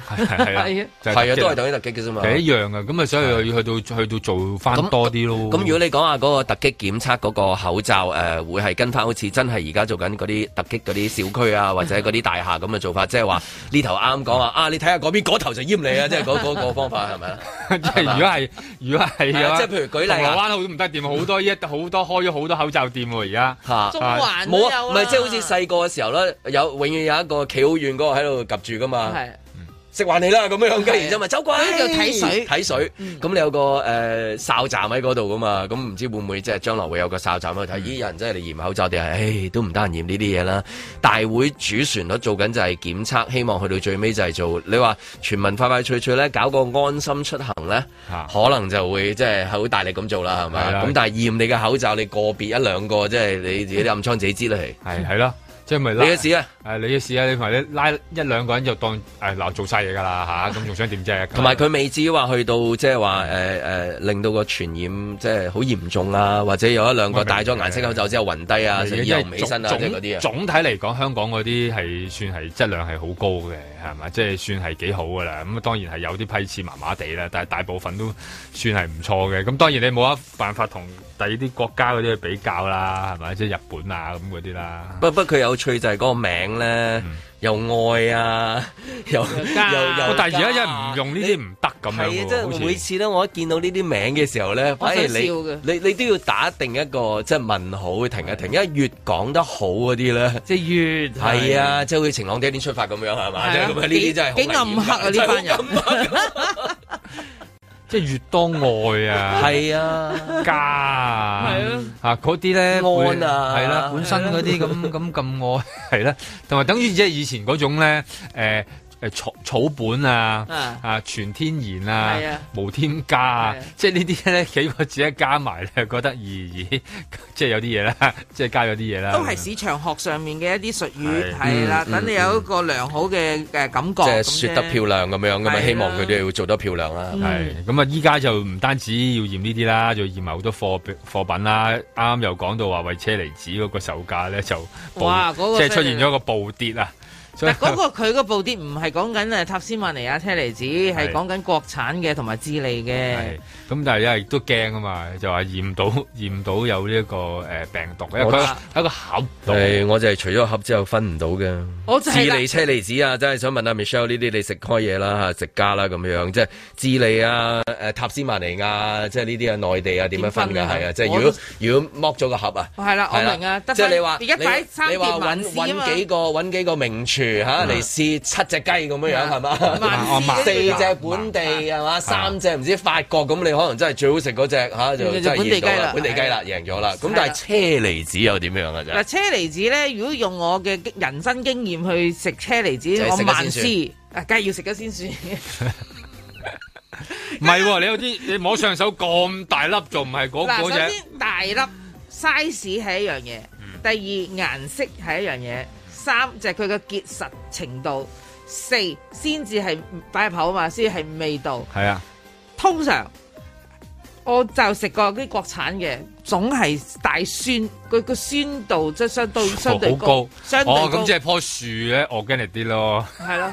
啊，係啊，都係等於突擊嘅啫嘛，係一樣啊，咁啊，所以要去到去到做翻多啲咯。咁如果你講下嗰個突擊檢測嗰個口罩誒，會係跟翻好似真係而家做緊嗰啲突擊嗰啲小區啊，或者嗰啲大廈咁嘅做法，即係話呢頭啱講話啊，啊你睇下嗰邊嗰頭就閹你啊，即係嗰嗰個方法係咪啊？即係如果係如果係，即係譬如舉例，銅鑼灣好都唔得掂，好多一好多開咗好多口罩店啊，而家吓，中環都有啦。唔係即係好似細個嘅時候咧，有永遠有一個企好遠嗰個喺度及住噶嘛。食壞你啦咁樣然，啊、然之就咪走鬼，睇水睇水。咁水、嗯、你有個誒、呃、哨站喺嗰度噶嘛？咁唔知會唔會即係將來會有個哨站去睇？咦、嗯，有人真係嚟驗口罩，定係誒都唔得人驗呢啲嘢啦。大會主旋律做緊就係檢測，希望去到最尾就係做。你話全民快快脆脆咧搞個安心出行咧，啊、可能就會即係好大力咁做啦，係咪？咁是、啊、但係驗你嘅口罩，你個別一兩個即係、就是、你自己暗瘡自己知啦，係是你嘅事，啊啊、事啊！你嘅事啊！你同埋你拉一兩個人就當誒嗱、哎、做晒嘢㗎啦嚇，咁仲想點啫？同埋佢未至於話去到即係話誒令到個傳染即係好嚴重啊，或者有一兩個戴咗顏色口罩之後暈低啊，又唔起身啊，啲啊。總，總體嚟講，香港嗰啲係算係質量係好高嘅。係咪？即係算係幾好嘅啦。咁當然係有啲批次麻麻地啦，但係大部分都算係唔錯嘅。咁當然你冇乜辦法同第二啲國家嗰啲去比較啦，係咪？即係日本啊咁嗰啲啦。不不過，佢有趣就係嗰個名咧。嗯又愛啊，又加又加，但係而家一唔用呢啲唔得咁樣喎。每次咧，我一見到呢啲名嘅時候咧，反而你你你都要打定一個即係問號，停一停，因為越講得好嗰啲咧，即係越係啊，即係在晴朗的一天出發咁樣係嘛？係啊，呢啲真係幾暗黑啊！呢班人。即係越多愛啊，係啊，家啊，係嗰啲咧，愛啊，係啦，本身嗰啲咁咁咁愛係啦，同埋等於即係以前嗰種咧，呃誒草草本啊，啊全天然啊，無添加啊，即係呢啲咧幾個字一加埋咧，覺得咦咦，即係有啲嘢啦，即係加咗啲嘢啦。都係市場學上面嘅一啲術語，係啦。等你有一個良好嘅嘅感覺。說得漂亮咁樣，咁啊希望佢哋會做得漂亮啦。係咁啊！依家就唔單止要驗呢啲啦，就驗埋好多貨貨品啦。啱啱又講到話，為車厘子嗰個售價咧就，哇，即係出現咗個暴跌啊！嗱，嗰、嗰個佢嗰部啲唔係講緊誒塔斯曼尼亞車厘子，係講緊國產嘅同埋智利嘅。咁但係因為都驚啊嘛，就話驗到驗到有呢一個誒病毒，因為佢喺個盒度。我就係除咗盒之後分唔到嘅。智利車厘子啊，真係想問下 Michelle 呢啲，你食開嘢啦嚇，食家啦咁樣，即係智利啊、誒塔斯曼尼亞，即係呢啲啊內地啊點樣分㗎？係啊，即係如果如果剝咗個盒啊，係啦，我明啊，即係你話你你話揾揾幾個名廚嚇嚟試七隻雞咁樣樣係嘛？四隻本地係嘛？三隻唔知法國咁你。可能真係最好食嗰隻嚇就真係贏咗啦，本地雞啦贏咗啦。咁的但係車厘子又點樣啊？就嗱車厘子咧，如果用我嘅人生經驗去食車厘子，我萬思，啊，梗係要食咗先算。唔係喎，你有啲你摸上手咁大粒，仲唔係嗰個？大粒 size 係一樣嘢，第二顏色係一樣嘢，三就係佢嘅結實程度，四先至係擺入口啊嘛，先至係味道。係啊的，通常。我就食過啲國產嘅。總係大酸，佢個酸度即係相對相對高，相對高哦。咁即係樖樹咧，organic 啲咯。係咯，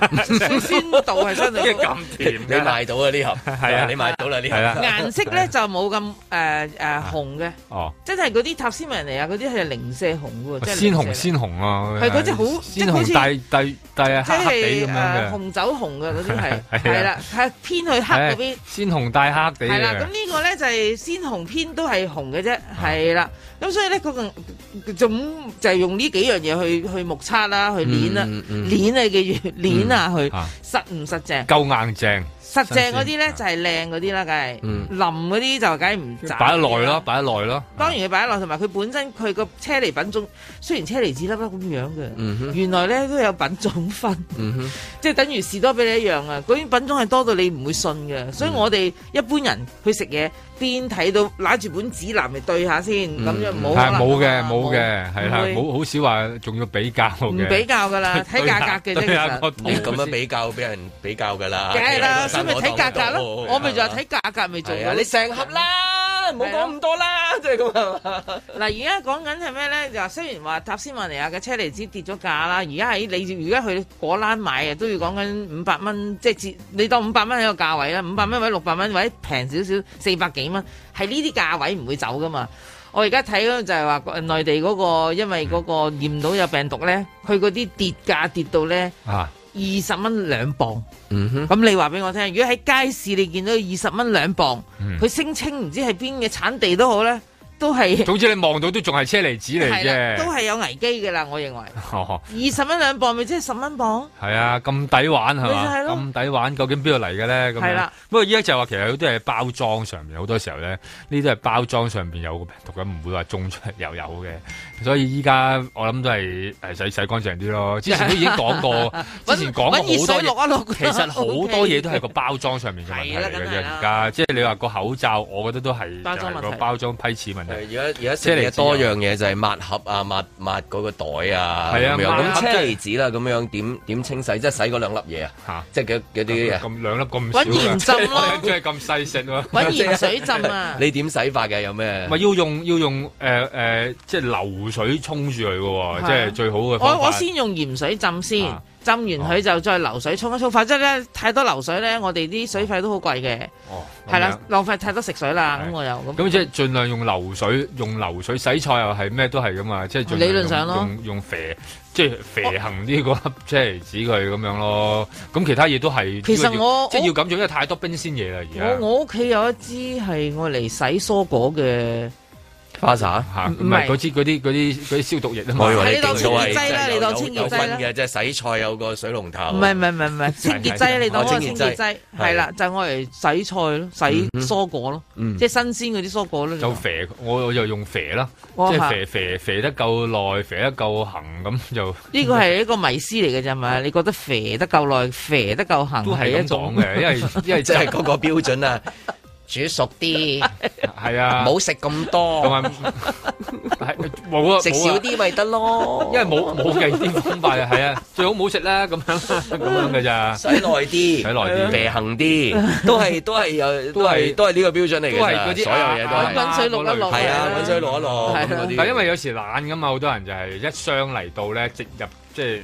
酸度係相對即係咁甜，你買到啊呢盒？係啊，你買到啦呢盒啊。顏色咧就冇咁誒誒紅嘅，哦，真係嗰啲塔斯曼尼啊，嗰啲係零舍紅嘅，鮮紅鮮紅啊，係嗰隻好即係帶帶帶啊黑黑哋咁樣嘅紅酒紅嘅嗰啲係係啦，係偏去黑嗰邊，鮮紅帶黑哋係啦。咁呢個咧就係鮮紅偏都係紅嘅啫。係啦，咁、啊、所以咧，嗰、那個總就係用呢幾樣嘢去去目測啦、啊，去捻啦、啊，捻、嗯嗯、啊你記住，捻、嗯、啊去實唔實淨？夠硬淨。實正嗰啲咧就係靚嗰啲啦，梗係腍嗰啲就梗係唔賺。擺得耐咯，擺得耐咯。當然佢擺得耐，同埋佢本身佢個車厘品種雖然車厘子粒粒咁樣嘅，原來咧都有品種分，即係等於士多啤梨一樣啊！嗰啲品種係多到你唔會信嘅，所以我哋一般人去食嘢，邊睇到攞住本指南嚟對下先，咁樣冇可能冇嘅冇嘅，係啦，冇好少話仲要比較比較㗎啦，睇價格嘅啫。你咁樣比較俾人比較㗎啦。梗係啦。咪睇價格咯，我咪就話睇價格咪做啊！你成盒啦，唔好講咁多啦，即係咁啊！嗱，而家講緊係咩咧？就話雖然話塔斯曼尼亞嘅車厘子跌咗價啦，而家喺你而家去果欄買啊，都要講緊五百蚊，即係折你當五百蚊喺個價位啦，五百蚊或者六百蚊，或者平少少四百幾蚊，係呢啲價位唔會走噶嘛。我而家睇嗰就係話內地嗰個，因為嗰個驗到有病毒咧，佢嗰啲跌價跌到咧。啊。二十蚊兩磅，咁、mm hmm. 你話俾我聽，如果喺街市你見到二十蚊兩磅，佢聲稱唔知係邊嘅產地都好咧。都係，總之你望到都仲係車厘子嚟啫，都係有危機嘅啦。我認為，二十蚊兩磅，咪即係十蚊磅。係啊，咁抵玩係嘛？咁抵玩，究竟邊度嚟嘅咧？咁樣了。不過依家就話其實好多係包裝上面，好多時候咧，呢啲係包裝上面有個病毒唔會話中出又有嘅。所以依家我諗都係洗洗乾淨啲咯。之前都已經講過， (laughs) 之前講咗好多，落落其實好多嘢都係個包裝上面嘅問題嚟嘅。而家即係你話個口罩，我覺得都係就係個包裝批次問題。誒而家而家食嘅多樣嘢就係抹盒啊、抹抹嗰個袋啊咁、啊、樣。咁車釐子啦，咁樣點點清洗？即係洗嗰兩粒嘢啊，嚇！即係嗰嗰啲嘢。咁兩粒咁少。揾鹽浸咯。即係咁細食咯。揾 (laughs) 鹽水浸啊！你點洗法嘅？有咩？咪要用要用誒誒、呃呃，即係流水沖住佢嘅喎，即係、啊、最好嘅方法。我我先用鹽水浸先。啊。浸完佢就再流水沖一沖，反正咧太多流水咧，我哋啲水費都好貴嘅。哦，係啦，浪費太多食水啦。咁我又咁，即係盡量用流水，用流水洗菜又係咩都係噶嘛，即係。理論上咯。用用肥，即係肥行呢嗰粒即係指佢咁樣咯。咁其他嘢都係。其實我，要我即係要咁做，因為太多冰鮮嘢啦而家。我我屋企有一支係我嚟洗蔬果嘅。花灑吓，唔係嗰啲嗰啲嗰啲嗰啲消毒液啊嘛，你當清潔劑啦，你當清潔劑啦。有有分嘅，即係洗菜有個水龍頭。唔係唔係唔係唔係清潔劑，你當清潔劑，係啦，就係我嚟洗菜咯，洗蔬果咯，即係新鮮嗰啲蔬果咯。就肥，我又用肥啦，即係肥，肥得夠耐，肥得夠恆咁就。呢個係一個迷思嚟嘅咋嘛？你覺得肥得夠耐，肥得夠恆，都係一種嘅，因為因為即係嗰個標準啊。煮熟啲，係啊，唔好食咁多，同埋食少啲咪得咯，因為冇冇嘅啲方法，係啊，最好唔好食啦，咁咁樣噶咋，使耐啲，使耐啲，肥恆啲，都係都係有，都係都係呢個標準嚟噶，所有嘢都係，滾水落一落，係啊，滾水落一落，但係因為有時懶㗎嘛，好多人就係一箱嚟到咧，直入即係。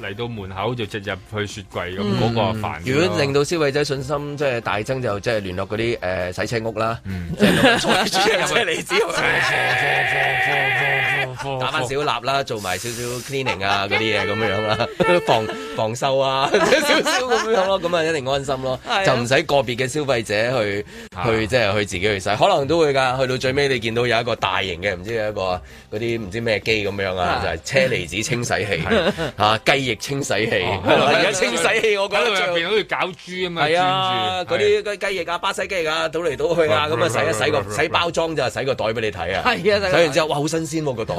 嚟到門口就直入去雪櫃咁，嗰、那個煩。如果令到消費者信心即係、就是、大增，就即係聯絡嗰啲誒洗車屋啦，即係、嗯、車厘子。貨貨貨貨打返少少蠟啦，做埋、啊啊、少少 cleaning 啊嗰啲嘢咁樣啦，防防鏽啊少少咁樣咯，咁啊一定安心咯，就唔使個別嘅消費者去、啊、去即係去、就是、去自己去洗，可能都會㗎。去到最尾你見到有一個大型嘅，唔知有一個嗰啲唔知咩機咁樣是啊，就係車厘子清洗器啊，啊清洗器，係啊清洗器，我覺得上好似搞豬咁嘛，係啊，嗰啲雞翼啊、巴西雞翼啊、倒嚟倒去啊，咁啊洗一洗個洗包裝咋，洗個袋俾你睇啊，係啊，洗完之後哇好新鮮喎個袋，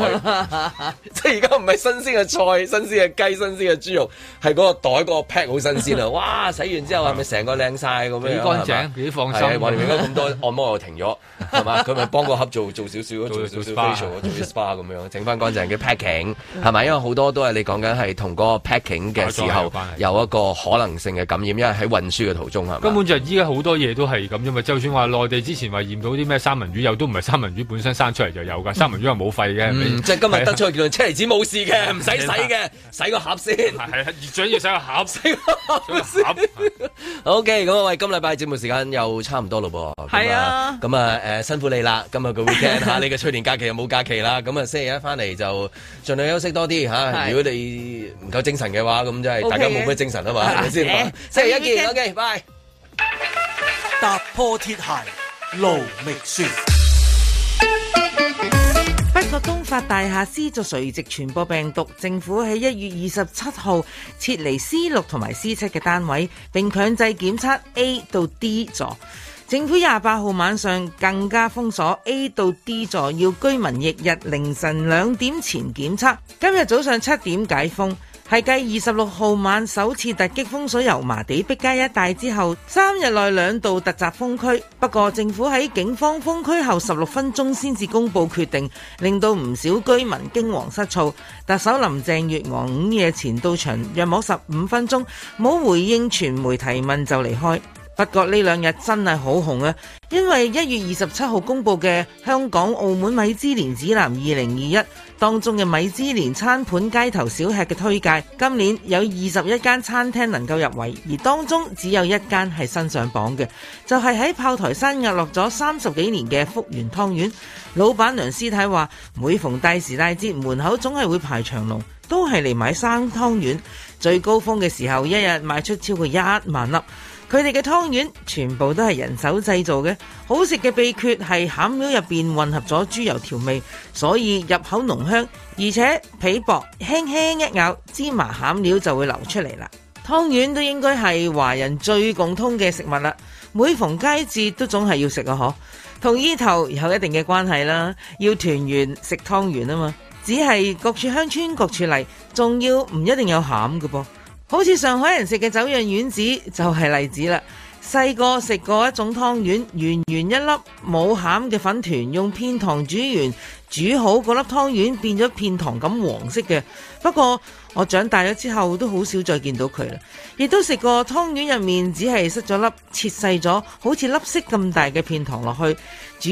即係而家唔係新鮮嘅菜、新鮮嘅雞、新鮮嘅豬肉，係嗰個袋嗰個 pack 好新鮮啊，哇洗完之後係咪成個靚晒？咁樣，幾乾淨放心，話咁多按摩又停咗，係嘛佢咪幫個盒做做少少做少少 facial，做 spa 咁樣整翻乾淨嘅 packing 係咪？因為好多都係你講緊係同個 packing 嘅時候有一個可能性嘅感染，因為喺運輸嘅途中，根本就依家好多嘢都係咁啫嘛。就算話內地之前話驗到啲咩三文魚又都唔係三文魚本身生出嚟就有㗎。三文魚係冇肺嘅，即今日得出結論，車厘子冇事嘅，唔使洗嘅，洗個盒先。係啊，要洗越個盒先。OK，咁啊，喂，今禮拜節目時間又差唔多嘞噃。係啊，咁啊辛苦你啦。今日佢 weekend 你嘅出年假期又冇假期啦。咁啊，星期一翻嚟就儘量休息多啲吓。如果你唔精神嘅話，咁即係大家冇咩精神啊嘛？你知唔知？星期一見，OK，拜。踏破鐵鞋無覓處。北角東發大廈 C 座垂直傳播病毒，政府喺一月二十七號撤離 C 六同埋 C 七嘅單位，並強制檢測 A 到 D 座。政府廿八號晚上更加封鎖 A 到 D 座，要居民翌日凌晨兩點前檢測。今日早上七點解封。係繼二十六號晚首次突擊封鎖油麻地碧街一帶之後，三日內兩度突襲封區。不過政府喺警方封區後十六分鐘先至公佈決定，令到唔少居民驚惶失措。特首林鄭月娥午夜前到場約莫十五分鐘，冇回應傳媒提問就離開。不過呢兩日真係好紅啊，因為一月二十七號公佈嘅《香港澳門米芝蓮指南二零二一》。當中嘅米芝蓮餐盤、街頭小吃嘅推介，今年有二十一間餐廳能夠入圍，而當中只有一間係新上榜嘅，就係、是、喺炮台山日落咗三十幾年嘅福元湯圓。老闆娘師太話：每逢大時大節，門口總係會排長龍，都係嚟買生湯圓。最高峰嘅時候，一日賣出超過一萬粒。佢哋嘅湯圓全部都係人手製造嘅，好食嘅秘訣係餡料入面混合咗豬油調味，所以入口濃香，而且皮薄，輕輕一咬芝麻餡料就會流出嚟啦。湯圓都應該係華人最共通嘅食物啦，每逢佳節都總係要食啊！嗬，同意頭有一定嘅關係啦，要團圓食湯圓啊嘛。只係各處鄉村各處嚟，仲要唔一定有餡㗎噃。好似上海人食嘅酒釀丸子就係、是、例子啦。細個食過一種湯圓，圓圓一粒冇餡嘅粉團，用片糖煮完煮好，嗰粒湯圓變咗片糖咁黃色嘅。不過我長大咗之後都好少再見到佢啦。亦都食過湯圓入面只係塞咗粒切細咗好似粒色咁大嘅片糖落去，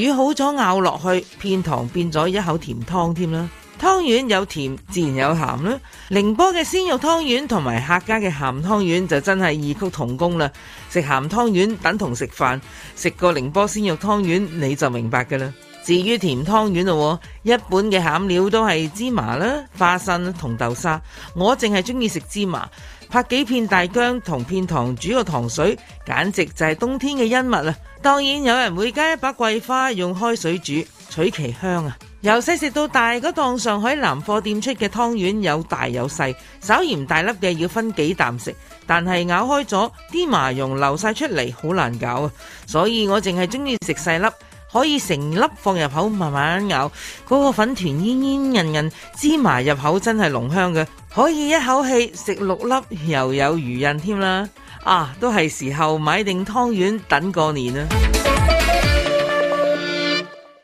煮好咗咬落去，片糖變咗一口甜湯添啦。湯圓有甜，自然有鹹啦。寧波嘅鮮肉湯圓同埋客家嘅鹹湯圓就真係異曲同工啦。食鹹湯圓等同食飯，食過寧波鮮肉湯圓你就明白㗎啦。至於甜湯圓咯，一般嘅餡料都係芝麻啦、花生同豆沙。我淨係中意食芝麻。拍幾片大薑同片糖煮個糖水，簡直就係冬天嘅恩物啦！當然有人會加一把桂花，用開水煮，取其香啊！由細食到大，嗰檔上海南貨店出嘅湯丸有大有細，稍嫌大粒嘅要分幾啖食，但係咬開咗啲麻蓉流晒出嚟，好難搞啊！所以我淨係中意食細粒。可以成粒放入口慢慢咬，嗰個粉糰煙煙韌韌，芝麻入口真係濃香嘅，可以一口氣食六粒又有餘韌添啦！啊，都係時候買定湯圓等過年啦。